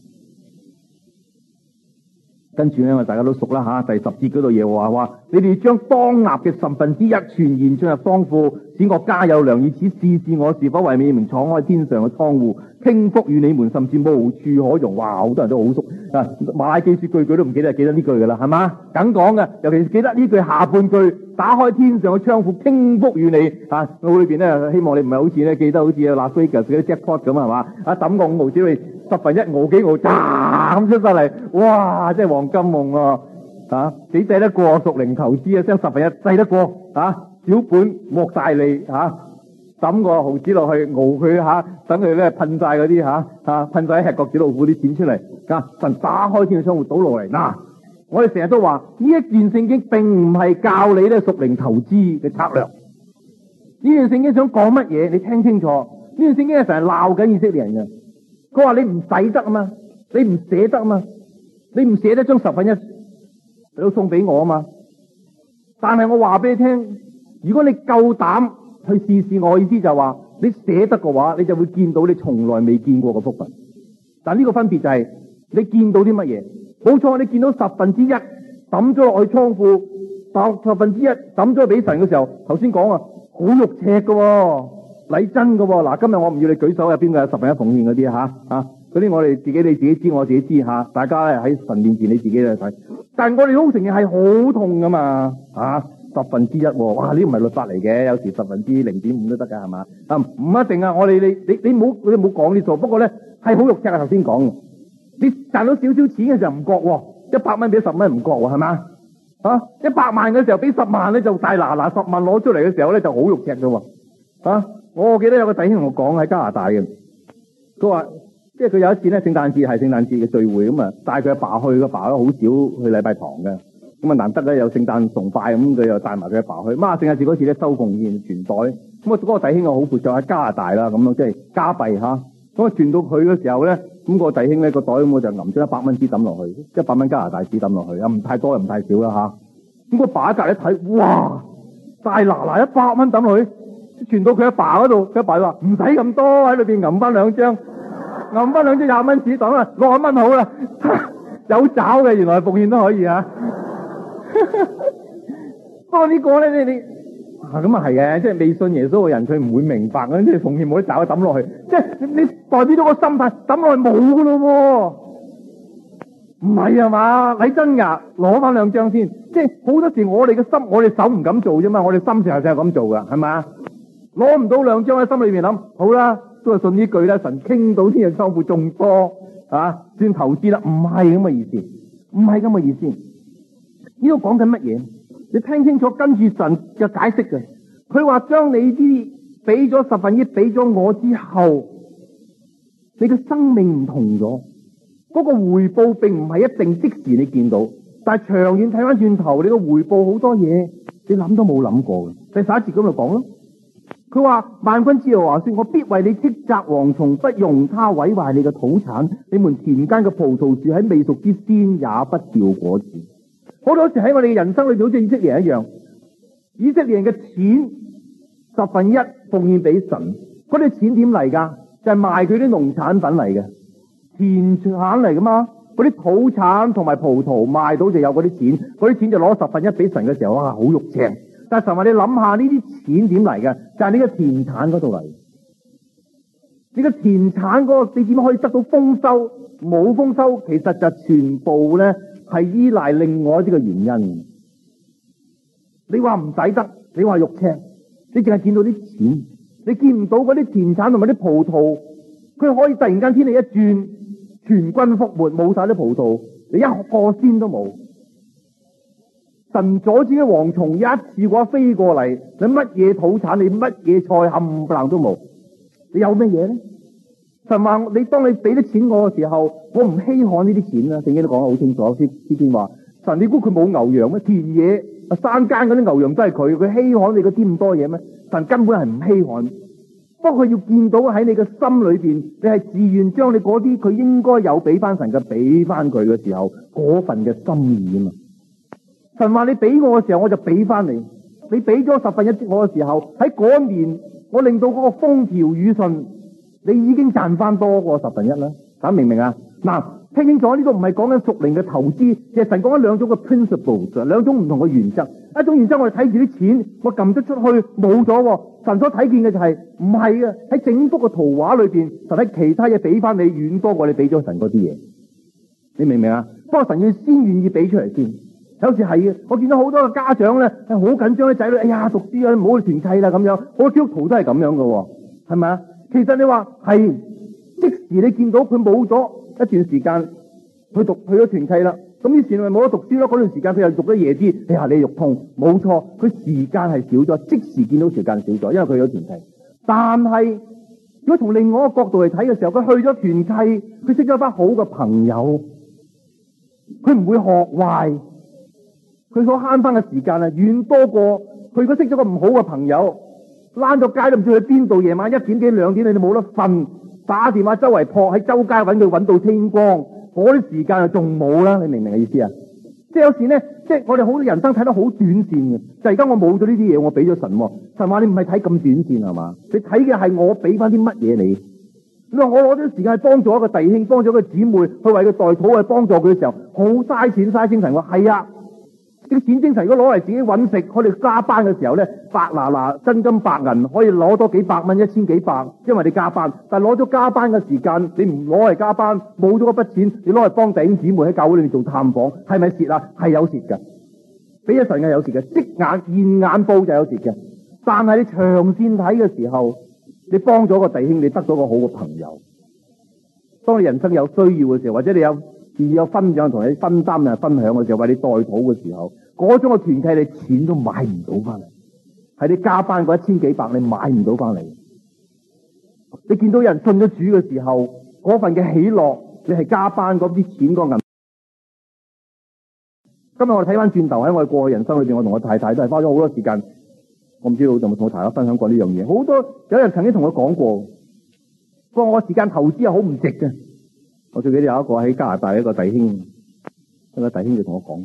跟住咧，大家都熟啦嚇。第十節嗰度嘢話話，你哋將當納嘅十分之一全然進入倉庫，使我家有糧，以此試試我是否為你們敞開天上嘅窗戶，傾福與你們，甚至無處可容。哇！好多人都好熟啊，瑪拉基說句句都唔記得，記得呢句噶啦，係嘛？梗講嘅，尤其是記得呢句下半句，打開天上嘅窗戶，傾福與你啊！腦裏邊咧，希望你唔係好似咧記得好似拉菲格嗰啲 jackpot 咁係嘛？啊抌個五毫紙你～十分一熬幾毫，咁出晒嚟，哇！即係黃金夢喎、啊、吓、啊、幾抵得過？熟齡投資啊，升十分一抵得過，吓、啊、小本博晒利，吓，抌個毫子落去熬佢吓，等佢咧噴晒嗰啲吓吓噴晒喺吃角子老虎啲錢出嚟，啊！神打開天嘅窗戶倒落嚟嗱，我哋成日都話呢一段聖經並唔係教你咧熟齡投資嘅策略，呢段聖經想講乜嘢？你聽清楚，呢段聖經成日鬧緊以色列人嘅。佢話你唔使得啊嘛，你唔捨得啊嘛，你唔捨得將十分一都送俾我啊嘛。但係我話俾你聽，如果你夠膽去試試，我意思就話，你捨得嘅話，你就會見到你從來未見過嘅福分。但呢個分別就係、是，你見到啲乜嘢？好彩你見到十分之一抌咗落去倉庫，把十分之一抌咗俾神嘅時候，頭先講啊，好肉赤㗎、哦。禮真噶嗱、啊，今日我唔要你舉手，有邊個有十分一奉獻嗰啲啊？吓、啊、吓，嗰啲我哋自己你自己知，我自己知吓、啊。大家咧喺神面前你自己嚟睇。但係我哋好承認係好痛噶嘛？吓、啊，十分之一、啊、哇！呢唔係律法嚟嘅，有時十分之零點五都得噶係嘛？啊，唔、嗯、一定啊！我哋你你你唔好你唔好講呢啲。不過咧係好肉赤啊！頭先講，你賺到少少錢嘅時候唔覺、啊，一百蚊俾十蚊唔覺係、啊、嘛？啊，一百萬嘅時候俾十萬咧就大嗱嗱，十萬攞出嚟嘅時候咧就好肉赤噶喎，啊！我記得有個弟兄同我講，喺加拿大嘅，佢話即係佢有一次咧聖誕節係聖誕節嘅聚會咁啊，帶佢阿爸去，個爸都好少去禮拜堂嘅，咁啊難得咧有聖誕崇拜，咁佢又帶埋佢阿爸去。嘛聖誕節嗰次咧收奉獻傳袋，咁啊嗰個弟兄啊好闊綽喺加拿大啦咁咯，即係加幣吓。咁啊傳到佢嘅時候咧，咁個弟兄呢個袋咁我就揜咗一百蚊紙抌落去，一百蚊加拿大紙抌落去，啊唔太多又唔太少啦嚇。咁、啊個爸一隔籬睇，哇！大嗱嗱一百蚊抌落去。傳到佢阿爸嗰度，佢阿爸話唔使咁多，喺裏邊揜翻兩張，揜翻兩張廿蚊紙等啦、攞廿蚊好啦，有爪嘅，原來奉獻都可以啊。不過呢個咧，你你啊咁啊係嘅，即係未信耶穌嘅人，佢唔會明白嘅。即係奉獻冇得爪抌落去，即係你代表咗個心態抌落去冇噶咯，唔係啊嘛？你真噶攞翻兩張先，即係好多時我哋嘅心，我哋手唔敢做啫嘛，我哋心成日就咁做噶，係嘛？攞唔到兩張喺心裏邊諗，好啦，都係信呢句啦。神傾到呢樣收庫眾多啊，算投資啦。唔係咁嘅意思，唔係咁嘅意思。呢度講緊乜嘢？你聽清楚，跟住神嘅解釋嘅。佢話將你啲俾咗十分一俾咗我之後，你嘅生命唔同咗。嗰、嗰個回報並唔係一定即時你見到，但係長遠睇翻轉頭，你嘅回報好多嘢，你諗都冇諗過嘅。第十一節咁就講啦。佢話萬軍之耶和華說：我必為你斥責蝗蟲，不容他毀壞你嘅土產。你們田間嘅葡萄樹喺未熟之先，也不掉果子。好多時喺我哋嘅人生裏就好似以色列一樣。以色列人嘅錢十分一奉獻俾神，嗰啲錢點嚟噶？就係賣佢啲農產品嚟嘅，田產嚟噶嘛？嗰啲土產同埋葡萄賣到就有嗰啲錢，嗰啲錢就攞十分一俾神嘅時候，啊，好肉赤！但係神話，你諗下呢啲錢點嚟嘅？就係呢個田產嗰度嚟。你個田產嗰個，你點可以得到豐收？冇豐收，其實就全部咧係依賴另外一啲嘅原因。你話唔使得，你話肉赤，你淨係見到啲錢，你見唔到嗰啲田產同埋啲葡萄，佢可以突然間天氣一轉，全軍覆沒，冇晒啲葡萄，你一個仙都冇。神阻止啲蝗蟲一次過飛過嚟，你乜嘢土產，你乜嘢菜冚唪唥都冇，你有咩嘢呢？神話你當你俾啲錢我嘅時候，我唔稀罕呢啲錢啦。聖經都講得好清楚，先先先話神，你估佢冇牛羊咩？田野啊山間嗰啲牛羊都係佢，佢稀罕你嗰啲咁多嘢咩？神根本係唔稀罕，不過佢要見到喺你嘅心裏邊，你係自願將你嗰啲佢應該有俾翻神嘅，俾翻佢嘅時候，嗰份嘅心意啊！神話你俾我嘅時候，我就俾翻你。你俾咗十分一我嘅時候，喺嗰年我令到嗰個風調雨順，你已經賺翻多過十分一啦。明唔明啊？嗱，聽清楚呢個唔係講緊屬靈嘅投資，係神講緊兩種嘅原則，兩種唔同嘅原則。一種原則我哋睇住啲錢，我撳咗出去冇咗。神所睇見嘅就係唔係嘅喺整幅嘅圖畫裏邊，神喺其他嘢俾翻你遠多過你俾咗神嗰啲嘢。你明唔明啊？不過神要先願意俾出嚟先。有時係啊，我見到好多嘅家長咧係好緊張啲仔女。哎呀，讀書啊，你唔好去團契啦咁樣。我基督徒都係咁樣嘅喎，哦，係咪啊？其實你話係即時，你見到佢冇咗一段時間去讀去咗團契啦，咁於是咪冇得讀書咯？嗰段時間佢又讀咗夜啲，哎呀，你肉痛，冇錯，佢時間係少咗，即時見到時間少咗，因為佢去咗團契。但係如果從另外一個角度嚟睇嘅時候，佢去咗團契，佢識咗一班好嘅朋友，佢唔會學壞。佢所慳翻嘅時間啊，遠多過佢如果識咗個唔好嘅朋友，躝到街都唔知去邊度，夜晚一點幾兩點，你哋冇得瞓，打電話周圍撲喺周街揾佢揾到天光，嗰啲時間啊仲冇啦，你明唔明嘅意思啊？即係有時呢，即係我哋好多人生睇得好短線嘅，就係而家我冇咗呢啲嘢，我俾咗神啊，神話你唔係睇咁短線係嘛？你睇嘅係我俾翻啲乜嘢你？你話我攞咗時間去幫助一個弟兄，幫助一個姊妹，去為佢代禱去幫助佢嘅時候，好嘥錢嘥精神喎。係啊。啲錢精神？如果攞嚟自己搵食，我哋加班嘅時候咧，白拿嗱，真金白銀，可以攞多幾百蚊，一千幾百，因為你加班，但係攞咗加班嘅時間，你唔攞嚟加班，冇咗一筆錢，你攞嚟幫弟兄姊妹喺教會裏面做探訪，係咪蝕啊？係有蝕嘅，俾咗神嘅有蝕嘅，即眼現眼報就有蝕嘅，但係你長線睇嘅時候，你幫咗個弟兄，你得咗個好嘅朋友。當你人生有需要嘅時候，或者你有有分享同你分擔又分享嘅時候，為你代禱嘅時候。嗰種嘅團契，你錢都買唔到翻嚟，係你加翻嗰一千幾百，你買唔到翻嚟。你見到有人信咗主嘅時候，嗰份嘅喜樂，你係加翻嗰啲錢嗰個銀。今日我哋睇翻轉頭喺我哋過去人生裏邊，我同我太太都係花咗好多時間。我唔知道有冇同我大家分享過呢樣嘢。好多有人曾經同我講過，話我時間投資係好唔值嘅。我最記得有一個喺加拿大一個弟兄，一個弟兄就同我講。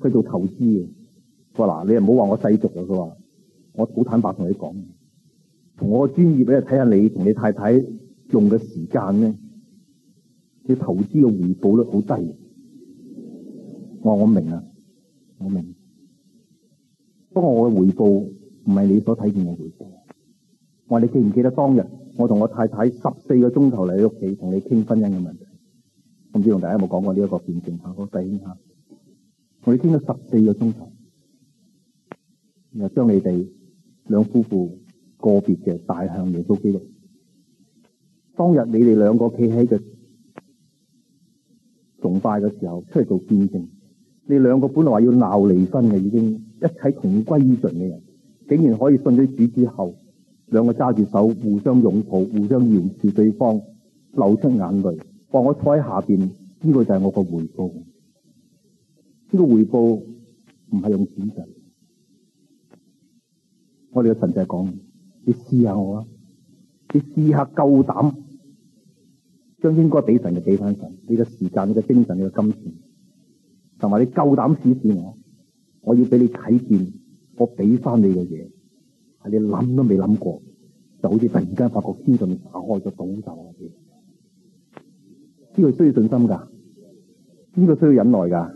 佢做投資嘅，我話嗱，你又唔好話我世俗啊！佢話，我好坦白同你講，從我嘅專業畀你睇下，你同你太太用嘅時間咧，你投資嘅回報率好低。我我明啊，我明。不過我嘅回報唔係你所睇見嘅回報。我話你記唔記得當日我同我太太十四個鐘頭嚟屋企同你傾婚姻嘅問題？我唔知同大家有冇講過呢一個辯證啊！我提醒我哋傾咗十四個鐘頭，然後將你哋兩夫婦個別嘅大向耶穌基督。當日你哋兩個企喺嘅崇拜嘅時候，出嚟做見證。你兩個本來話要鬧離婚嘅，已經一齊同歸於盡嘅人，竟然可以信咗主之後，兩個揸住手互相擁抱，互相原諒對方，流出眼淚。話我坐喺下邊，呢個就係我個回報。呢個回報唔係用錢嘅，我哋嘅神就係講：你試下我啊，你試下夠膽將應該俾神嘅俾翻神，你嘅時間、你嘅精神、你嘅金錢，同埋你夠膽試試我。我要俾你睇見，我俾翻你嘅嘢係你諗都未諗過，就好似突然間發覺天頓打開咗洞咁。呢個需要信心噶，呢個需要忍耐噶。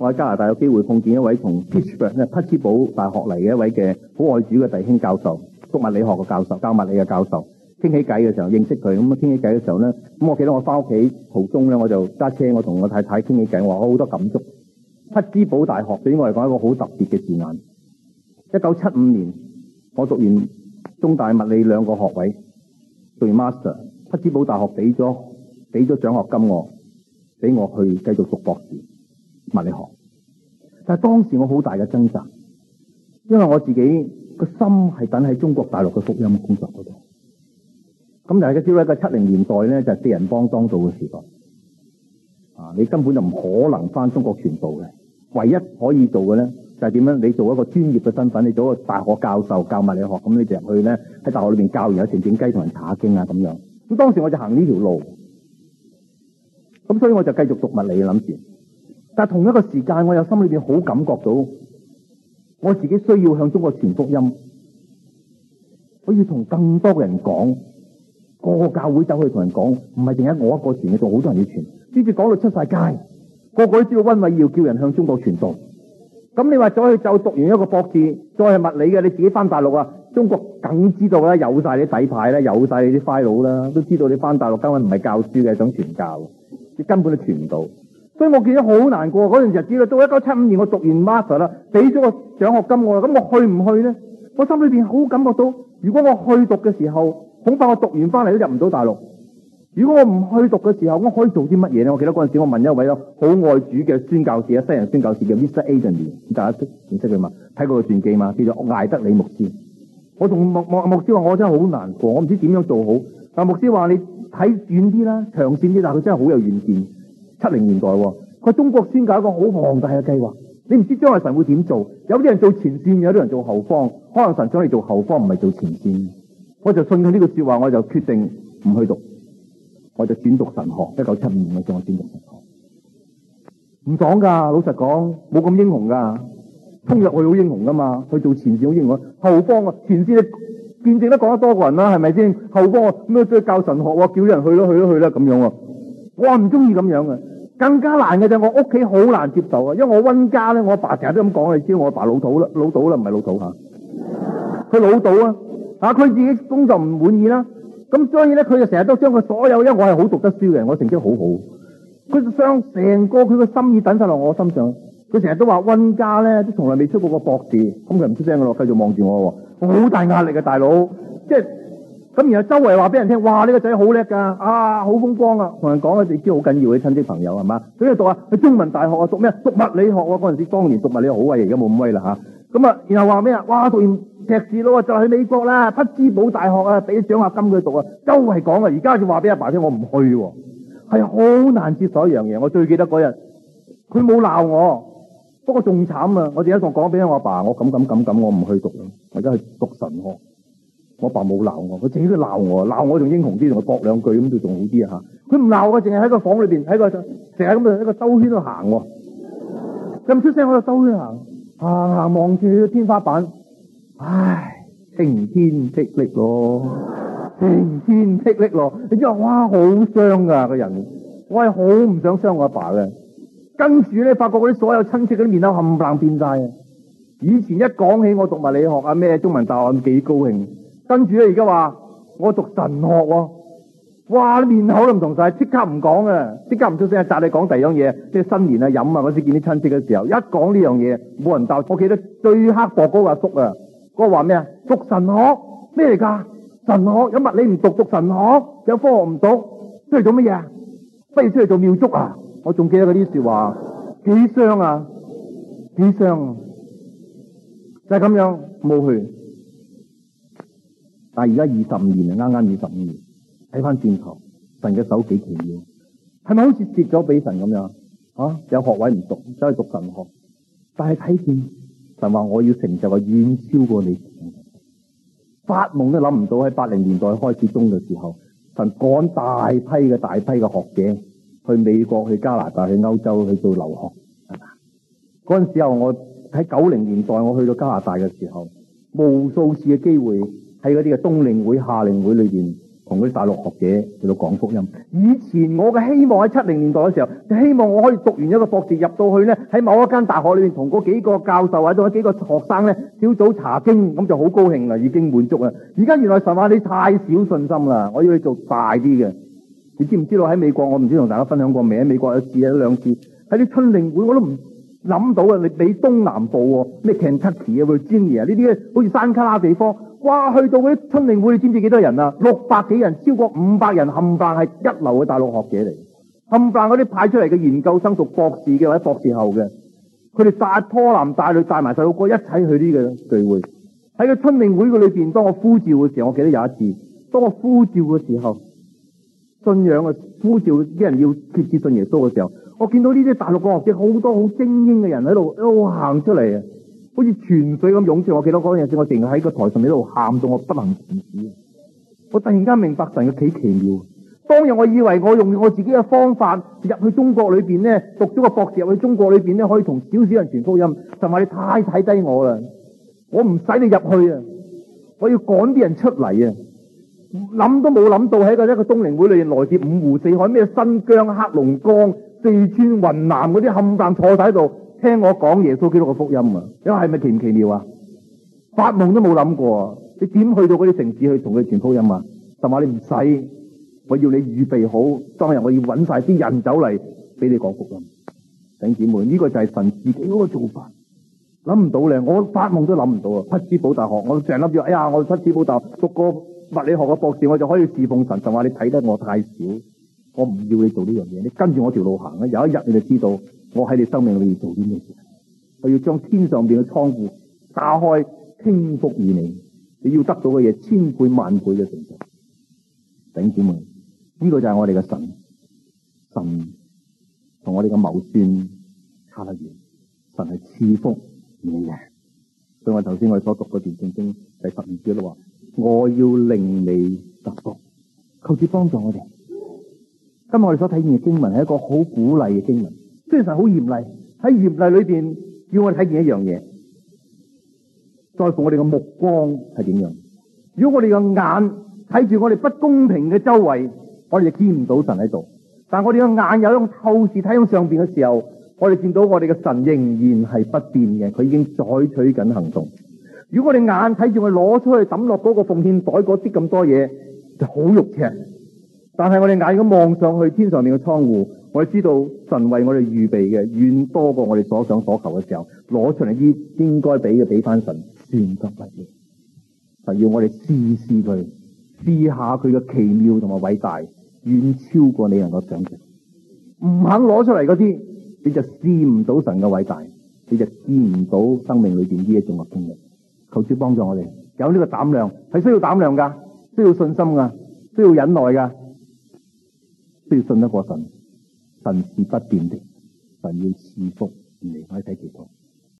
我喺加拿大有機會碰見一位從 Pittsburgh 即係匹茲堡大學嚟嘅一位嘅好愛主嘅弟兄教授，讀物理學嘅教授，教物理嘅教授。傾起偈嘅時候認識佢，咁啊傾起偈嘅時候咧，咁我記得我翻屋企途中咧，我就揸車我太太，我同我太太傾起偈，話我好多感觸。匹茲堡大學對於我嚟講一個好特別嘅字眼。一九七五年，我讀完中大物理兩個學位，讀完 master，匹茲堡大學俾咗俾咗獎學金我，俾我去繼續讀博士。物理學，但係當時我好大嘅掙扎，因為我自己個心係等喺中國大陸嘅福音工作嗰度。咁但係嘅只係一個七零年代咧，就四人幫當道嘅時代。啊，你根本就唔可能翻中國全部嘅，唯一可以做嘅咧就係點樣？你做一個專業嘅身份，你做一個大學教授教物理學，咁你入去咧喺大學裏邊教完有成整雞同人查經啊咁樣。咁當時我就行呢條路，咁所以我就繼續讀物理諗住。但同一個時間，我有心裏邊好感覺到，我自己需要向中國傳福音，我要同更多嘅人講，個個教會走去同人講，唔係淨係我一個傳嘅，仲好多人要傳，直至講到出晒街，個個都知道溫偉耀叫人向中國傳道。咁你話再去就讀完一個博士，再係物理嘅，你自己翻大陸啊，中國梗知道啦，有晒你底牌啦，有晒你啲 file 啦，都知道你翻大陸根本唔係教書嘅，想傳教，你根本都傳唔到。所以我見到好難過嗰陣時日子啦，到一九七五年我讀完 master 啦，俾咗個獎學金我啦，咁我去唔去呢？我心裏邊好感覺到，如果我去讀嘅時候，恐怕我讀完翻嚟都入唔到大陸。如果我唔去讀嘅時候，我可以做啲乜嘢呢？我記得嗰陣時我問一位好愛主嘅宣教士啊，西人宣教士叫 Mr. Adrian，大家識唔識佢嘛？睇過個傳記嘛？叫做艾德里牧師。我同牧牧牧師話：我真係好難過，我唔知點樣做好。但牧師話：你睇遠啲啦，長線啲。但佢真係好有遠見。七零年代，佢中國先搞一個好龐大嘅計劃，你唔知將來神會點做？有啲人做前線，有啲人做後方，可能神將你做後方，唔係做前線。我就信佢呢句說話，我就決定唔去讀，我就轉讀神學。一九七五年我轉讀神學，唔講噶，老實講冇咁英雄噶，沖入去好英雄噶嘛，去做前線好英雄，後方啊前線你見證得講得多個人啦，係咪先？後方啊咩都要教神學，叫啲人去啦去啦去啦咁樣啊！我唔中意咁樣嘅。更加難嘅就係我屋企好難接受啊，因為我溫家咧，我阿爸成日都咁講。你知我阿爸，爸老土啦，老土啦唔係老土吓，佢老土啊，吓佢、啊、自己工作唔滿意啦。咁、啊、所以咧，佢就成日都將佢所有，因為我係好讀得書嘅，我成績好好。佢就將成個佢個心意等晒落我身上，佢成日都話溫家咧都從來未出過個博字，咁佢唔出聲嘅咯，繼續望住我。我好大壓力嘅大佬，即係。咁然後周圍話俾人聽，哇！呢、這個仔好叻㗎，啊好風光，光啊！同人講啊，自己好緊要嘅親戚朋友係嘛？佢又讀啊，佢中文大學啊，讀咩啊？讀物理學啊！嗰陣時當年讀物理好啊，而家冇咁威啦嚇。咁啊，然後話咩啊？哇！讀完碩士囉就去美國啦，匹茲堡大學啊，俾獎學金佢讀啊，周圍講啊。而家就話俾阿爸聽，我唔去喎，係好難接受一樣嘢。我最記得嗰日，佢冇鬧我，不過仲慘啊！我哋一仲講俾我阿爸，我咁咁咁咁，我唔去讀啦，我而家去讀神學。我爸冇鬧我，佢整日鬧我，鬧我仲英雄啲，同佢駁兩句咁就仲好啲啊！吓，佢唔鬧我，淨係喺個房裏邊喺個，成日咁喺個兜圈度行，咁出聲喺度兜圈行，行行望住個天花板，唉，晴天霹靂咯，晴天霹靂咯！你知道哇，好傷噶個人，我係好唔想傷我阿爸嘅。跟住咧，發覺嗰啲所有親戚嗰啲面口冚唪唥變晒，以前一講起我讀物理學啊、咩中文大學，幾高興。跟住咧，而家話我讀神學喎，啊，哇，面口都唔同晒，即刻唔講啊，即刻唔出聲啊，扎你講第二樣嘢，即係新年啊飲啊，嗰時見啲親戚嘅時候，一講呢樣嘢，冇人鬥。我記得最刻薄嗰個阿叔啊，嗰個話咩啊，讀神學咩嚟㗎？神學有物理唔讀，讀神學有科學唔讀，出嚟做乜嘢啊？不如出嚟做廟祝啊？我仲記得嗰啲說話，幾傷啊，幾傷，啊，就係，是，咁樣冇去。但係而家二十五年啊，啱啱二十五年，睇翻轉頭，神嘅手幾奇妙，係咪好似接咗俾神咁樣啊？有學位唔讀，走去讀神學，但係睇見神話，我要成就嘅遠超過你，發夢都諗唔到。喺八零年代開始中嘅時候，神趕大批嘅、大批嘅學者去美國、去加拿大、去歐洲去做留學。嗰陣、那個、時候，我喺九零年代我去到加拿大嘅時候，無數次嘅機會。喺嗰啲嘅冬令會、夏令會裏邊，同嗰啲大陸學者去到講福音。以前我嘅希望喺七零年代嘅時候，就希望我可以讀完一個博士入到去咧，喺某一間大學裏邊同嗰幾個教授或者幾個學生咧，小組查經咁就好高興啦，已經滿足啦。而家原來神話你太少信心啦，我要你做大啲嘅。你知唔知道喺美國？我唔知同大家分享過未？喺美國有試一次兩次喺啲春令會，我都唔諗到嘅。你俾東南部咩 Kentucky 啊 Virginia 呢啲好似山卡拉地方。哇！去到嗰啲春令會，你知唔知幾多人啊？六百幾人，超過五百人，冚唪唥係一流嘅大陸學者嚟，冚唪唥嗰啲派出嚟嘅研究生、讀博士嘅或者博士後嘅，佢哋帶拖男帶女帶埋細路哥一齊去呢個聚會。喺個春令會嘅裏邊，當我呼召嘅時候，我記得有一次，當我呼召嘅時候，信仰嘅呼召啲人要決志信耶穌嘅時候，我見到呢啲大陸嘅學者好多好精英嘅人喺度一路行出嚟啊！好似泉水咁湧出，我記得嗰陣時，我淨係喺個台上呢度喊到我不能自已。我突然間明白神嘅幾奇妙。當日我以為我用我自己嘅方法入去中國裏邊呢，讀咗個博士入去中國裏邊呢，可以同少少人傳福音。神話你太睇低我啦！我唔使你入去啊！我要趕啲人出嚟啊！諗都冇諗到喺個一個東陵會裏邊，來自五湖四海，咩新疆、黑龍江、四川、雲南嗰啲冚唪唥坐喺度。聽我講耶穌基督嘅福音啊！你話係咪奇唔奇妙啊？發夢都冇諗過啊！你點去到嗰啲城市去同佢傳福音啊？神話你唔使，我要你預備好，當日我要搵晒啲人走嚟俾你講福音。弟兄姊妹，呢、這個就係神自己嗰個做法，諗唔到咧，我發夢都諗唔到啊！匹茲堡大學，我成日諗住，哎呀，我匹茲堡大學，讀個物理學嘅博士，我就可以侍奉神。神話你睇得我太少，我唔要你做呢樣嘢，你跟住我條路行啊！有一日你就知道。我喺你生命裏要做啲咩事？我要將天上邊嘅倉庫打開，傾福於你。你要得到嘅嘢千倍萬倍嘅程度。頂姊妹，呢、這個就係我哋嘅神，神同我哋嘅謀算差得遠。神係賜福你嘅。所以我頭先我哋所讀嘅《嗰段聖經》就十二章啦，話我要令你得福。求主幫助我哋。今日我哋所睇見嘅經文係一個好鼓勵嘅經文。雖然神好嚴厲，喺嚴厲裏邊，叫我睇見一樣嘢，在乎我哋嘅目光係點樣。如果我哋嘅眼睇住我哋不公平嘅周圍，我哋就見唔到神喺度。但係我哋嘅眼有一種透視睇向上邊嘅時候，我哋見到我哋嘅神仍然係不變嘅，佢已經採取緊行動。如果我哋眼睇住佢攞出去抌落嗰個奉獻袋嗰啲咁多嘢，就好肉赤。但係我哋眼咁望上去天上面嘅窗戶，我哋知道神為我哋預備嘅遠多過我哋所想所求嘅時候，攞出嚟啲應該俾嘅俾翻神，算得乜嘢？神要我哋試試佢，試下佢嘅奇妙同埋偉大，遠超過你能夠想象。唔肯攞出嚟嗰啲，你就試唔到神嘅偉大，你就試唔到生命裏邊呢種嘅經歷。求主幫助我哋有呢個膽量，係需要膽量噶，需要信心噶，需要忍耐噶。都要信一個神，神是不變的，神要賜福，你睇睇幾多。